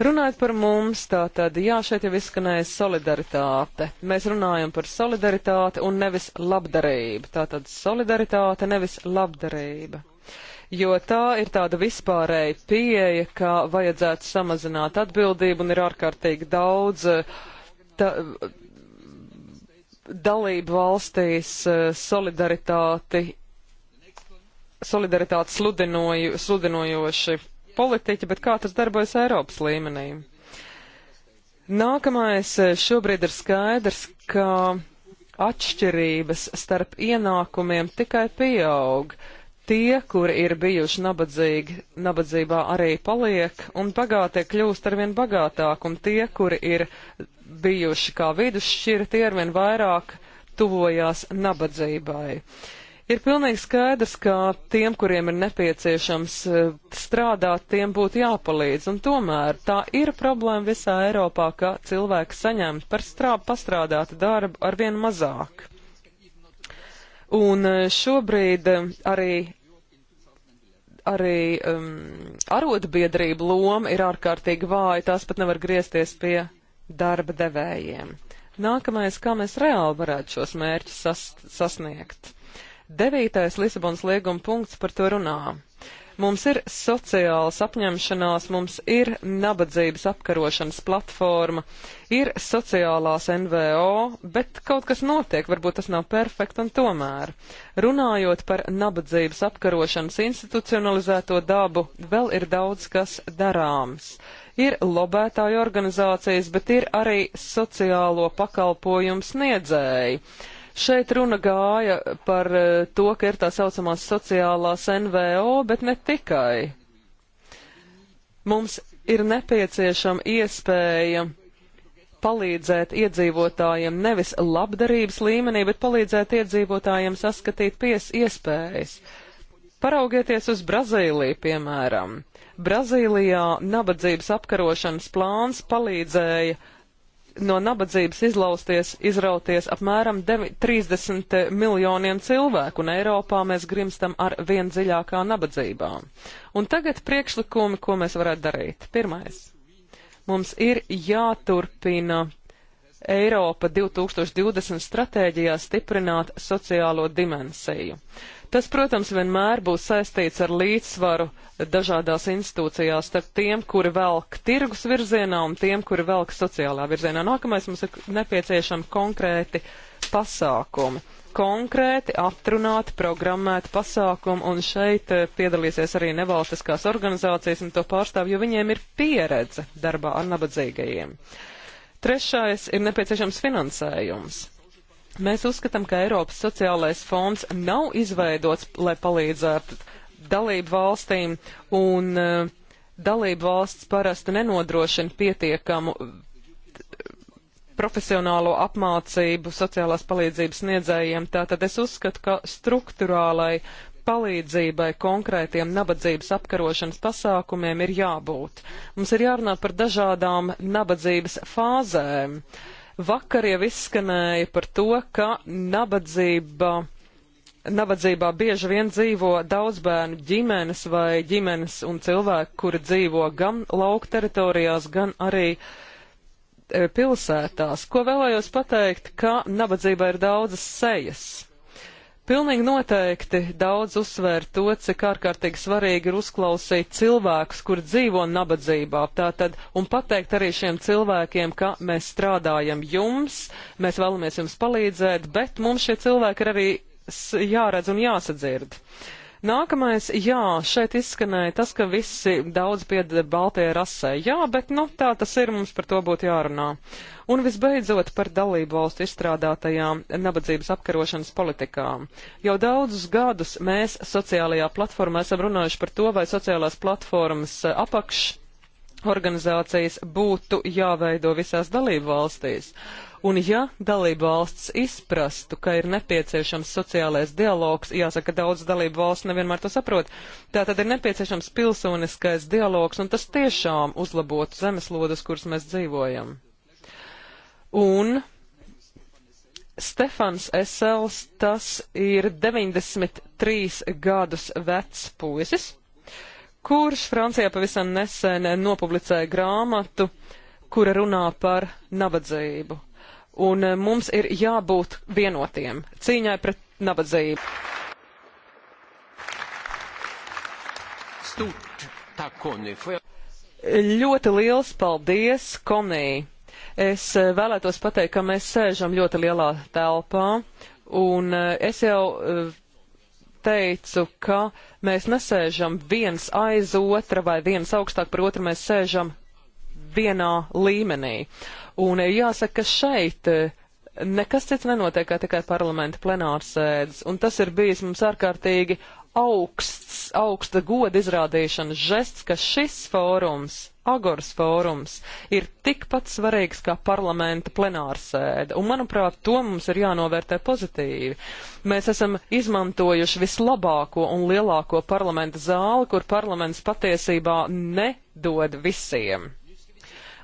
Runājot par mums, tā tad, jā, šeit jau izskanēja solidaritāte. Mēs runājam par solidaritāti un nevis labdarību. Tā tad solidaritāte, nevis labdarība. Jo tā ir tāda vispārēja pieeja, ka vajadzētu samazināt atbildību un ir ārkārtīgi daudz eh, ta, dalību valstīs eh, solidaritāti, solidaritāti sludinoju, sludinojoši politiķi, bet kā tas darbojas Eiropas līmenī. Nākamais eh, šobrīd ir skaidrs, ka atšķirības starp ienākumiem tikai pieaug. Tie, kuri ir bijuši nabadzīgi, nabadzībā arī paliek, un bagātie kļūst arvien bagātāk, un tie, kuri ir bijuši kā vidusšķirti, arvien vairāk tuvojās nabadzībai. Uh, Ir pilnīgi skaidrs, ka tiem, kuriem ir nepieciešams eh, strādāt, tiem būtu jāpalīdz. Un tomēr tā ir problēma visā Eiropā, ka cilvēki saņem par strābu pastrādātu darbu arvien mazāk. Un eh, šobrīd eh, arī arī um, arotbiedrība loma ir ārkārtīgi vāja, tās pat nevar griezties pie darba devējiem. Nākamais, kā mēs reāli varētu šos mērķus sas sasniegt. Devītais Lisabonas lieguma punkts par to runā. Mums ir sociāls apņemšanās, mums ir nabadzības apkarošanas platforma, ir sociālās NVO, bet kaut kas notiek, varbūt tas nav perfekti un tomēr. Runājot par nabadzības apkarošanas institucionalizēto dabu, vēl ir daudz kas darāms ir lobētāju organizācijas, bet ir arī sociālo pakalpojumu sniedzēji. Šeit runa gāja par eh, to, ka ir tā saucamās sociālās NVO, bet ne tikai. Mums ir nepieciešama iespēja palīdzēt iedzīvotājiem nevis labdarības līmenī, bet palīdzēt iedzīvotājiem saskatīt pies iespējas. Paraugieties uz Brazīliju, piemēram. Brazīlijā nabadzības apkarošanas plāns palīdzēja no nabadzības izlausties, izrauties apmēram 30 miljoniem cilvēku, un Eiropā mēs grimstam ar vien dziļākā nabadzībā. Un tagad priekšlikumi, ko mēs varētu darīt. Pirmais. Mums ir jāturpina Eiropa 2020 stratēģijā stiprināt sociālo dimensiju. Uh, Tas, protams, vienmēr būs saistīts ar līdzsvaru dažādās institūcijās starp tiem, kuri velk tirgus virzienā un tiem, kuri velk sociālā virzienā. Nākamais mums ir nepieciešami konkrēti pasākumi konkrēti aptrunāti, programmēti pasākumi, un šeit eh, piedalīsies arī nevalstiskās organizācijas un to pārstāvju, jo viņiem ir pieredze darbā ar nabadzīgajiem. Trešais ir nepieciešams finansējums. Mēs uzskatām, ka Eiropas sociālais fonds nav izveidots, lai palīdzētu dalību valstīm, un eh, dalību valsts parasti nenodrošina pietiekamu eh, profesionālo apmācību sociālās palīdzības sniedzējiem. Tātad es uzskatu, ka struktūrālai palīdzībai konkrētiem nabadzības apkarošanas pasākumiem ir jābūt. Mums ir jārunā par dažādām nabadzības fāzēm. Uh, Vakar jau izskanēja par to, ka nabadzība, nabadzībā bieži vien dzīvo daudzbērnu ģimenes vai ģimenes un cilvēki, kuri dzīvo gan lauka teritorijās, gan arī e, pilsētās. Ko vēlējos pateikt, ka nabadzība ir daudzas sejas Pilnīgi noteikti daudz uzsver to, cik ārkārtīgi svarīgi ir uzklausīt cilvēkus, kur dzīvo nabadzībā, tātad, un pateikt arī šiem cilvēkiem, ka mēs strādājam jums, mēs vēlamies jums palīdzēt, bet mums šie cilvēki ir arī jāredz un jāsadzird. Nākamais, jā, šeit izskanēja tas, ka visi daudz pieder Baltijai rasē. Jā, bet, nu, tā tas ir, mums par to būtu jārunā. Un visbeidzot par dalību valstu izstrādātajām nabadzības apkarošanas politikām. Jau daudzus gadus mēs sociālajā platformā esam runājuši par to, vai sociālās platformas apakš organizācijas būtu jāveido visās dalību valstīs. Un ja dalību valsts izprastu, ka ir nepieciešams sociālais dialogs, jāsaka, daudz dalību valsts nevienmēr to saprot, tā tad ir nepieciešams pilsoniskais dialogs, un tas tiešām uzlabotu zemeslodes, kuras mēs dzīvojam un Stefans Esels, tas ir 93 gadus vecs puisis, kurš Francijā pavisam nesen nopublicēja grāmatu, kura runā par nabadzību. Un eh, mums ir jābūt vienotiem cīņai pret nabadzību. Stūt, tā, Ļoti liels paldies, Konī! Es eh, vēlētos pateikt, ka mēs sēžam ļoti lielā telpā, un eh, es jau eh, teicu, ka mēs nesēžam viens aiz otra vai viens augstāk par otru, mēs sēžam vienā līmenī. Un jāsaka, ka šeit nekas cits nenotiek, kā tikai parlamenta plenārsēdes, un tas ir bijis mums ārkārtīgi augsts, augsta goda izrādīšanas žests, ka šis fórums Agoras fórums ir tikpat svarīgs kā parlamenta plenārsēde, un manuprāt, to mums ir jānovērtē pozitīvi. Mēs esam izmantojuši vislabāko un lielāko parlamenta zāli, kur parlaments patiesībā nedod visiem.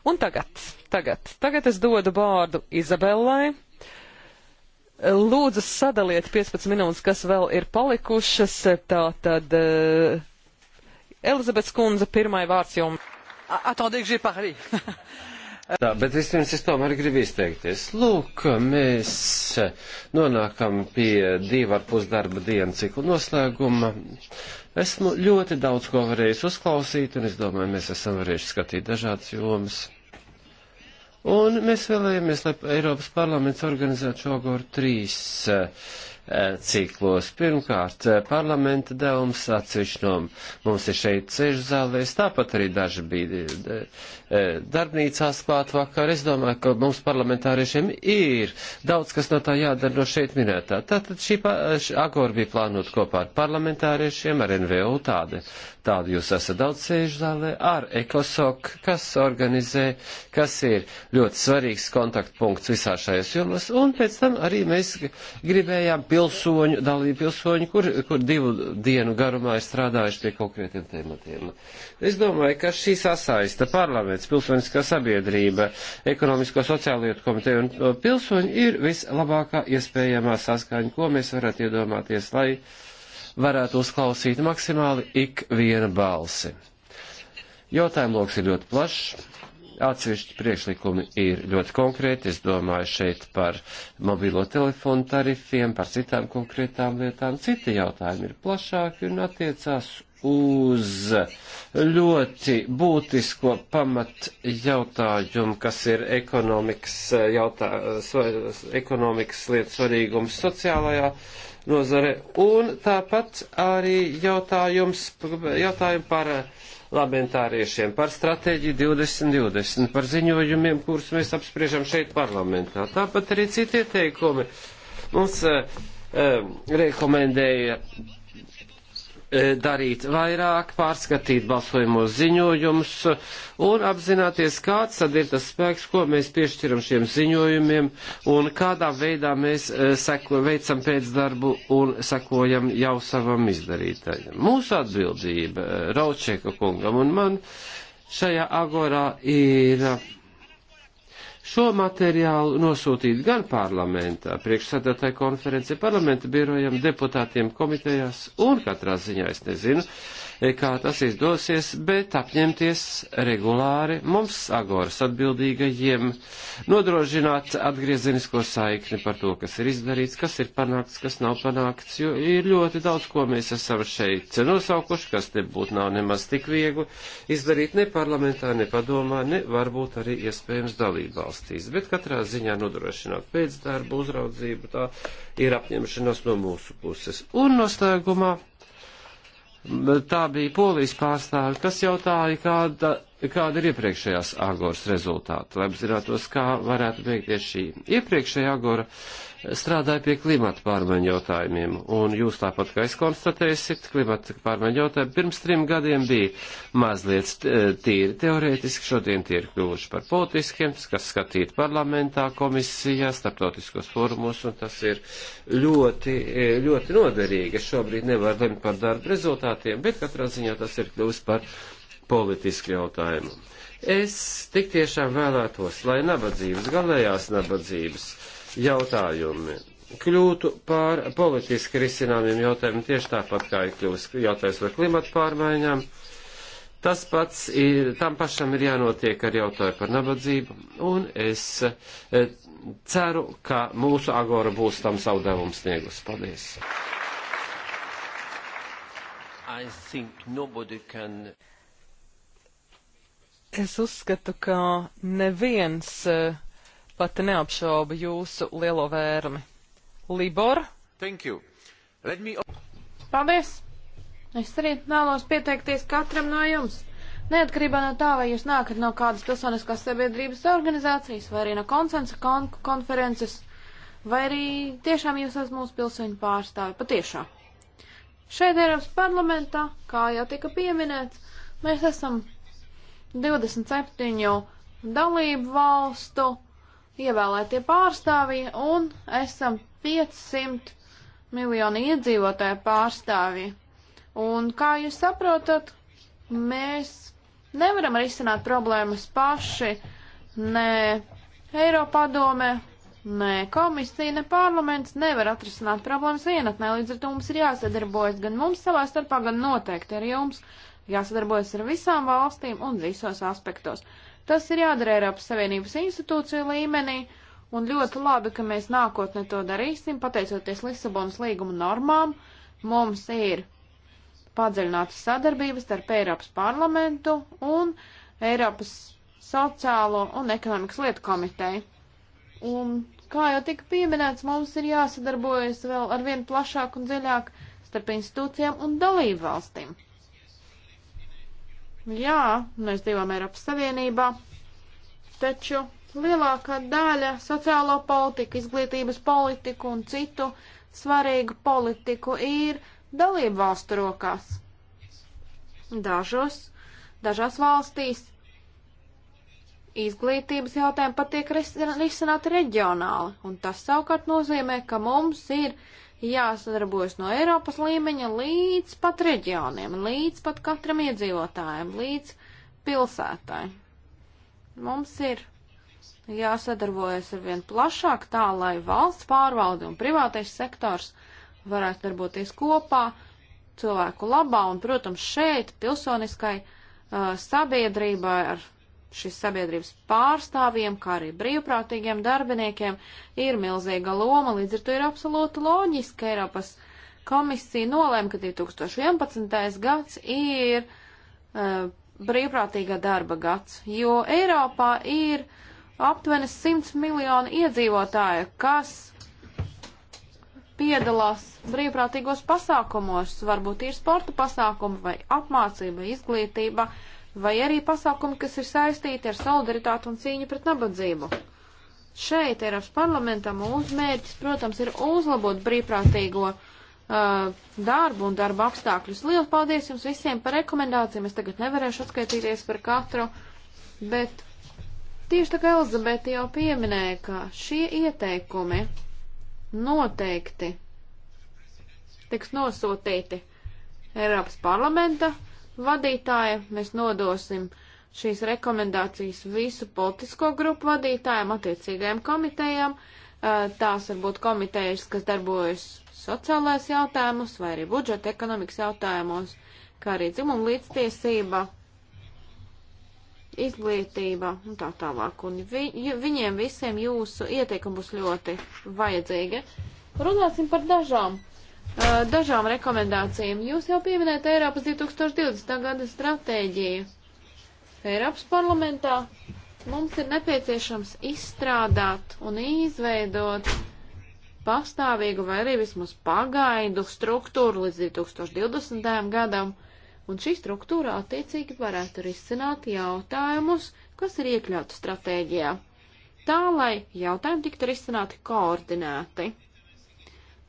Un tagad, tagad, tagad es dodu vārdu Izabellai. Lūdzu, sadaliet 15 minūtes, kas vēl ir palikušas. Tā tad. Uh, eh, Elizabetes kundze, pirmai vārds jums. Attendez que j'ai parlé. *laughs* Tā, bet vispirms es tomēr gribu izteikties. Lūk, mēs nonākam pie divu ar pus darba dienu ciklu noslēguma. Esmu ļoti daudz ko varējis uzklausīt, un es domāju, mēs esam varējuši skatīt dažādas jomas. Un mēs vēlējamies, lai Eiropas parlaments organizētu šogor trīs uh, ciklos. Pirmkārt, parlamenta devums atsevišķi no mums ir šeit ceļu zālēs, tāpat arī daži bija E, darbnīcās klāt vakar. Es domāju, ka mums parlamentāriešiem ir daudz, kas no tā jādara no šeit minētā. Tātad šī agora bija plānota kopā ar parlamentāriešiem, ar NVO tādi. Tādi jūs esat daudz sēžu zālē, ar ECOSOC, kas organizē, kas ir ļoti svarīgs kontaktpunkts visā šajās jomās. Un pēc tam arī mēs gribējām pilsoņu, dalību pilsoņu, kur, kur divu dienu garumā ir strādājuši pie konkrētiem tematiem. Es domāju, ka šī sasaista parlamentāriešiem jāpārliec pilsoniskā sabiedrība, ekonomisko sociālo lietu komiteja un pilsoņi ir vislabākā iespējamā saskaņa, ko mēs varētu iedomāties, lai varētu uzklausīt maksimāli ik viena balsi. Jautājumu loks ir ļoti plašs. Atsevišķi priekšlikumi ir ļoti konkrēti. Es domāju šeit par mobilo telefonu tarifiem, par citām konkrētām lietām. Citi jautājumi ir plašāki un attiecās uz ļoti būtisko pamat jautājumu, kas ir ekonomikas, eh, jautā, eh, ekonomikas lietu svarīgums sociālajā nozare, un tāpat arī jautājums, jautājumu par parlamentāriešiem, eh, par stratēģiju 2020, par ziņojumiem, kurus mēs apspriežam šeit parlamentā. Tāpat arī citi ieteikumi mums uh, uh, rekomendēja E, darīt vairāk, pārskatīt balsojumos ziņojumus un apzināties, kāds tad ir tas spēks, ko mēs piešķiram šiem ziņojumiem un kādā veidā mēs e, seko, veicam pēcdarbu un sekojam jau savam izdarītājam. Mūsu atbildība e, Raučeka kungam un man šajā agorā ir šo materiālu nosūtīt gan parlamentā, priekšsēdētāju konferenci, parlamenta birojam, deputātiem komitejās un katrā ziņā es nezinu, uh, E, kā tas izdosies, bet apņemties regulāri mums, agoras atbildīgajiem, nodrošināt atgriezenisko saikni par to, kas ir izdarīts, kas ir panākts, kas nav panākts, jo ir ļoti daudz, ko mēs esam šeit nosaukuši, kas nebūtu nav nemaz tik viegli izdarīt ne parlamentā, ne padomā, ne varbūt arī iespējams dalībvalstīs, bet katrā ziņā nodrošināt pēcdarbu, uzraudzību, tā ir apņemšanās no mūsu puses. Un noslēgumā Tā bija polijas pārstāve, kas jautāja, kāda kāda ir iepriekšējās Agoras rezultāti, lai apzinātos, kā varētu beigties šī. Iepriekšējā Agora strādāja pie klimata pārmaiņu jautājumiem, un jūs tāpat kā es konstatēsiet, klimata pārmaiņu jautājumi pirms trim gadiem bija mazliet eh, tīri teorētiski, šodien tie ir kļuvuši par politiskiem, kas skatīt parlamentā, komisijā, starptautiskos formos, un tas ir ļoti, eh, ļoti noderīgi. Es šobrīd nevaru lemt par darba rezultātiem, bet katrā ziņā tas ir kļuvis par politisku jautājumu. Es tik tiešām vēlētos, lai nabadzības, galējās nabadzības jautājumi kļūtu pār politiski risināmiem jautājumiem tieši tāpat, kā ir kļuvis jautājums par klimatu pārmaiņām. Tas pats ir, tam pašam ir jānotiek ar jautājumu par nabadzību, un es e, ceru, ka mūsu agora būs tam savu devumu sniegus. Paldies! Can... Es uzskatu, ka neviens eh, pat neapšauba jūsu lielo vērmi. Libor? Thank you. Let me... Paldies! Es arī vēlos pieteikties katram no jums. Neatkarībā no tā, vai jūs nākat no kādas pilsoniskās sabiedrības organizācijas, vai arī no konsensa kon konferences, vai arī tiešām jūs esat mūsu pilsoņu pārstāvi. Patiešām. Šeit Eiropas parlamentā, kā jau tika pieminēts, mēs esam 27 dalību valstu ievēlētie pārstāvji un esam 500 miljoni iedzīvotāju pārstāvji. Un kā jūs saprotat, mēs nevaram risināt problēmas paši, ne Eiropadome, ne komisija, ne parlaments nevar atrisināt problēmas vienatnē, līdz ar to mums ir jāsadarbojas gan mums savā starpā, gan noteikti ar jums, jāsadarbojas ar visām valstīm un visos aspektos. Tas ir jādara Eiropas Savienības institūciju līmenī, un ļoti labi, ka mēs nākotnē to darīsim, pateicoties Lisabonas līguma normām. Mums ir padziļināta sadarbības starp Eiropas parlamentu un Eiropas sociālo un ekonomikas lietu komiteju. Un, kā jau tika pieminēts, mums ir jāsadarbojas vēl ar vien plašāk un dziļāk starp institūcijām un dalību valstīm. Jā, mēs dzīvojam Eiropas Savienībā, taču lielākā daļa sociālo politiku, izglītības politiku un citu svarīgu politiku ir dalību valstu rokās. Dažos, dažās valstīs izglītības jautājumi pat tiek risināti reģionāli, un tas savukārt nozīmē, ka mums ir uh, jāsadarbojas no Eiropas līmeņa līdz pat reģioniem, līdz pat katram iedzīvotājiem, līdz pilsētai. Mums ir jāsadarbojas ar vien plašāk tā, lai valsts pārvalde un privātais sektors varētu darboties kopā cilvēku labā, un, protams, šeit pilsoniskai uh, sabiedrībai ar šīs sabiedrības pārstāvjiem, kā arī brīvprātīgiem darbiniekiem ir milzīga loma, līdz ar to ir absolūti loģiski, ka Eiropas komisija nolēma, ka 2011. gads ir uh, eh, brīvprātīgā darba gads, jo Eiropā ir aptuveni 100 miljoni iedzīvotāju, kas piedalās brīvprātīgos pasākumos, varbūt ir sporta pasākumi vai apmācība, izglītība. Uh, vai arī pasākumi, kas ir saistīti ar solidaritātu un cīņu pret nabadzību. Šeit Eiropas parlamentam mūsu mērķis, protams, ir uzlabot brīvprātīgo uh, darbu un darba apstākļus. Lielas paldies jums visiem par rekomendācijām. Es tagad nevarēšu atskaitīties par katru, bet tieši tā kā Elizabete jau pieminēja, ka šie ieteikumi noteikti tiks nosūtīti Eiropas parlamenta vadītāja, mēs nodosim šīs rekomendācijas visu politisko grupu vadītājiem, attiecīgajiem komitejām. Tās var būt komitejas, kas darbojas sociālais jautājumus vai arī budžeta ekonomikas jautājumos, kā arī dzimuma līdztiesība, izglītība un tā tālāk. Un vi, viņiem visiem jūsu ieteikumi būs ļoti vajadzīgi. Runāsim par dažām dažām rekomendācijām. Jūs jau pieminējat Eiropas 2020. gada stratēģiju. Eiropas parlamentā mums ir nepieciešams izstrādāt un izveidot pastāvīgu vai arī vismaz pagaidu struktūru līdz 2020. gadam, un šī struktūra attiecīgi varētu risināt jautājumus, kas ir iekļauti stratēģijā, tā lai jautājumi tiktu risināti koordinēti.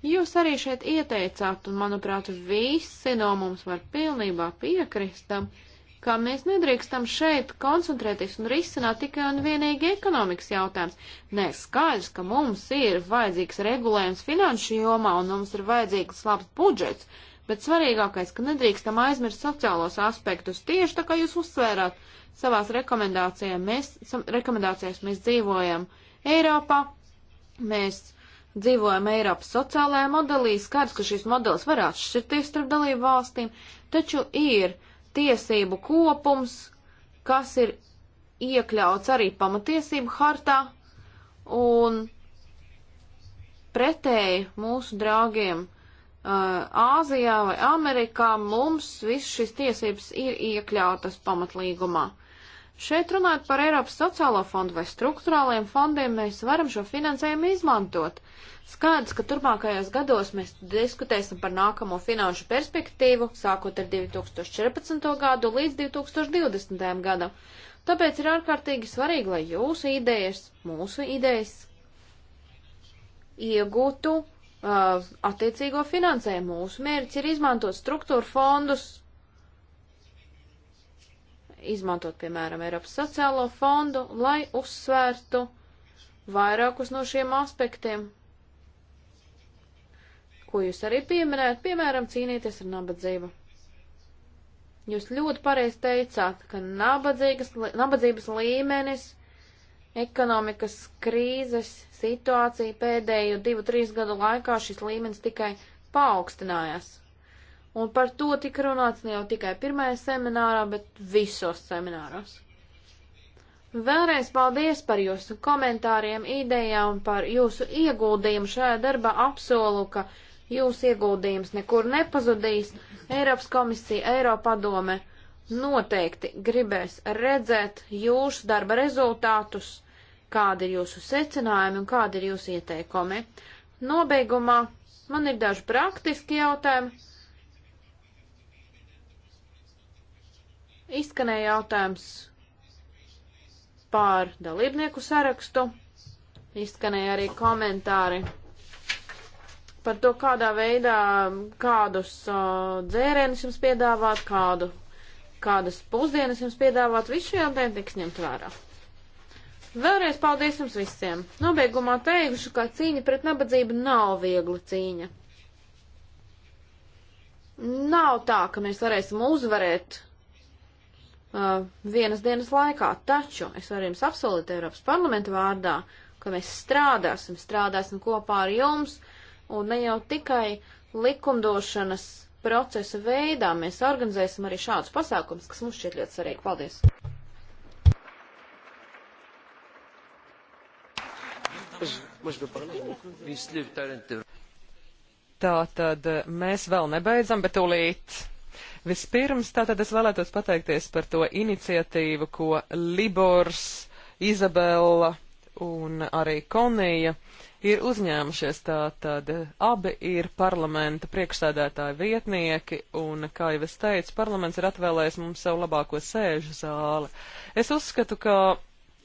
Jūs arī šeit ieteicāt, un manuprāt, visi no mums var pilnībā piekristam, um, ka mēs nedrīkstam šeit koncentrēties un risināt tikai un vienīgi ekonomikas jautājums. Nē, skaidrs, ka mums ir vajadzīgs regulējums finanšu jomā un mums ir vajadzīgs labs budžets, bet svarīgākais, ka nedrīkstam aizmirst sociālos aspektus tieši tā kā jūs uzsvērāt savās rekomendācijās. Mēs, rekomendācijās mēs dzīvojam Eiropā, mēs dzīvojam Eiropas sociālajā modelī, skaidrs, ka šis modelis var atšķirties starp dalību valstīm, taču ir tiesību kopums, kas ir iekļauts arī pamatiesību hartā, un pretēji mūsu draugiem uh, Āzijā vai Amerikā mums viss šis tiesības ir iekļautas pamatlīgumā. Šeit runājot par Eiropas sociālo fondu vai struktūrāliem fondiem, mēs varam šo finansējumu izmantot. Skaidrs, ka turpmākajos gados mēs diskutēsim par nākamo finanšu perspektīvu, sākot ar 2014. gadu līdz 2020. gadam. Tāpēc ir ārkārtīgi svarīgi, lai jūsu idejas, mūsu idejas iegūtu uh, attiecīgo finansējumu. Mūsu mērķis ir izmantot struktūra fondus, izmantot, piemēram, Eiropas sociālo fondu, lai uzsvērtu vairākus no šiem aspektiem, ko jūs arī pieminējat, piemēram, cīnīties ar nabadzību. Jūs ļoti pareizi teicāt, ka nabadzības līmenis ekonomikas krīzes situācija pēdējo divu, trīs gadu laikā šis līmenis tikai paaugstinājās. Un par to tika runāts ne jau tikai pirmajā seminārā, bet visos semināros. Vēlreiz paldies par jūsu komentāriem, idejām, par jūsu ieguldījumu šajā darbā. Apsolu, ka jūsu ieguldījums nekur nepazudīs. Eiropas komisija, Eiropadome noteikti gribēs redzēt jūsu darba rezultātus, kādi ir jūsu secinājumi un kādi ir jūsu ieteikumi. Nobeigumā man ir daži praktiski jautājumi Izskanēja jautājums pār dalībnieku sarakstu. Izskanēja arī komentāri par to, kādā veidā, kādus uh, dzērienus jums piedāvāt, kādu, kādas pusdienas jums piedāvāt. Visu šie jautājumi tiks ņemt vērā. Vēlreiz paldies jums visiem. Nobeigumā teikšu, ka cīņa pret nabadzību nav viegla cīņa. Nav tā, ka mēs varēsim uzvarēt uh, vienas dienas laikā, taču es varu jums apsolīt Eiropas parlamenta vārdā, ka mēs strādāsim, strādāsim kopā ar jums, un ne jau tikai likumdošanas procesa veidā mēs organizēsim arī šādus pasākums, kas mums šķiet ļoti svarīgi. Paldies! Tā tad uh, mēs vēl nebeidzam, bet tūlīt. Vispirms tātad es vēlētos pateikties par to iniciatīvu, ko Libors, Izabela un arī Konija ir uzņēmušies. Tātad abi ir parlamenta priekšsēdētāja vietnieki, un, kā jau es teicu, parlaments ir atvēlējis mums savu labāko sēžu zāli. Es uzskatu, ka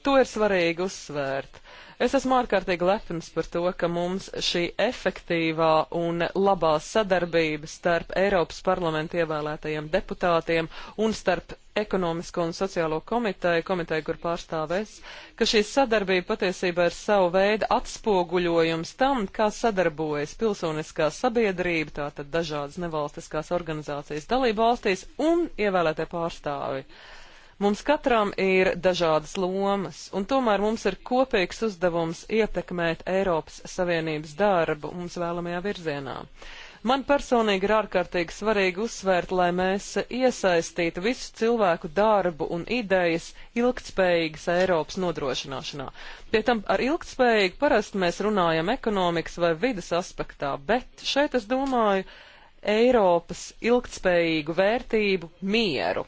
To ir svarīgi uzsvērt. Es esmu ārkārtīgi lepns par to, ka mums šī efektīvā un labā sadarbība starp Eiropas parlamentu ievēlētajiem deputātiem un starp ekonomisko un sociālo komiteju, komiteju, kur pārstāvēs, ka šī sadarbība patiesībā ir savu veidu atspoguļojums tam, kā sadarbojas pilsoniskā sabiedrība, tātad dažādas nevalstiskās organizācijas dalība valstīs un ievēlētie pārstāvi. Uh, Mums katram ir dažādas lomas, un tomēr mums ir kopīgs uzdevums ietekmēt Eiropas Savienības darbu mums vēlamajā virzienā. Man personīgi ir ārkārtīgi svarīgi uzsvērt, lai mēs iesaistītu visu cilvēku darbu un idejas ilgtspējīgas Eiropas nodrošināšanā. Pie tam ar ilgtspējīgu parasti mēs runājam ekonomikas vai vidas aspektā, bet šeit es domāju Eiropas ilgtspējīgu vērtību mieru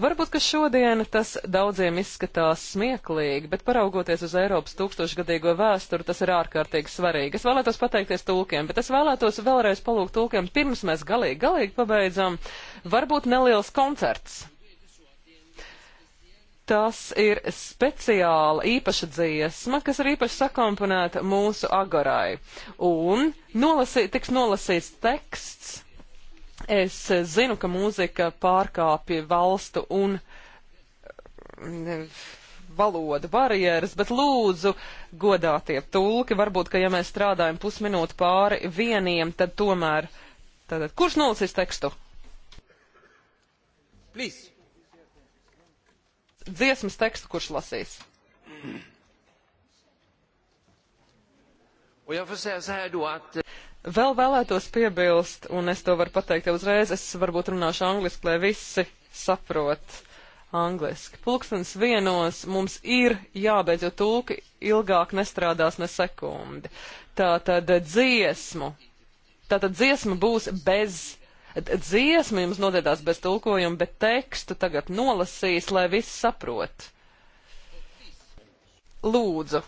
Varbūt, ka šodien tas daudziem izskatās smieklīgi, bet paraugoties uz Eiropas tūkstošgadīgo vēsturi, tas ir ārkārtīgi svarīgi. Es vēlētos pateikties tulkiem, bet es vēlētos vēlreiz palūgt tulkiem, pirms mēs galīgi, galīgi pabeidzam, varbūt neliels koncerts tas ir speciāla īpaša dziesma, kas ir īpaši sakomponēta mūsu agorai. Un nolasī, tiks nolasīts teksts Es zinu, ka mūzika pārkāpja valstu un eh, valodu barjeras, bet lūdzu, godātie tulki, varbūt, ka ja mēs strādājam pusminūti pāri vieniem, tad tomēr. Tātad, kurš nolasīs tekstu? Please. Dziesmas tekstu, kurš lasīs? Mm. *clears throat* Eh, Vēl vēlētos piebilst, un es to varu pateikt jau uzreiz, es varbūt runāšu angliski, lai visi saprot angliski. Pulkstens vienos mums ir jābeidz, jo tulki ilgāk nestrādās ne sekundi. Tātad dziesmu, tātad dziesma būs bez dziesma jums nodedās bez tulkojuma, bet tekstu tagad nolasīs, lai viss saprot. Lūdzu,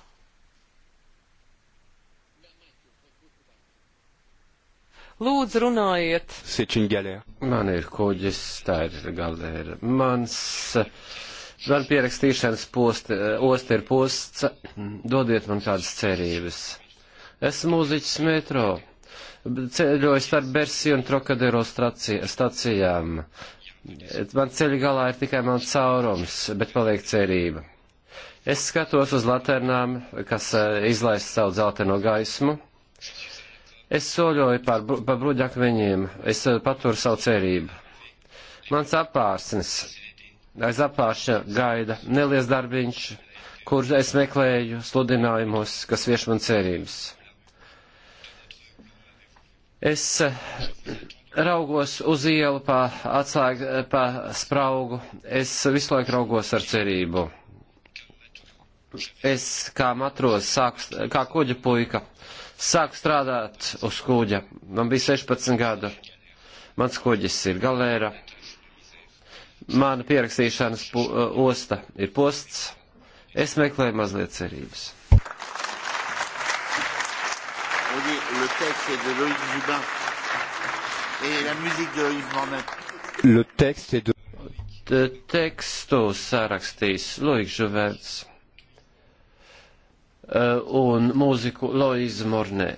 Lūdzu, runājiet! Sičiņģeļie. Man ir kuģis, tā ir galera. Mans. Man pierakstīšanas posti, osti ir posts, dodiet man kādas cerības. Esmu mūziķis metro, ceļoju starp Bersi un Trokadero stacijām. Man ceļa galā ir tikai man caurums, bet paliek cerība. Es skatos uz laternām, kas eh, izlaist savu dzelteno gaismu. Es soļoju par, par bruģakmeņiem, es eh, paturu savu cerību. Mans apārsnis, aiz apāršņa gaida neliels darbiņš, kur es meklēju sludinājumus, kas vieš man cerības. Es eh, raugos uz ielu pa atslēgu, eh, pa spraugu, es visu laiku raugos ar cerību. Es kā matros, sāku, kā kuģa puika sāku strādāt uz kuģa. Man bija 16 gadu. Mans kuģis ir galēra. Mana pierakstīšanas eh, osta ir posts. Es meklēju mazliet cerības. Tekstu sārakstīs Loiks Žuvēts. Eh, un mūziku Loizu Mornē.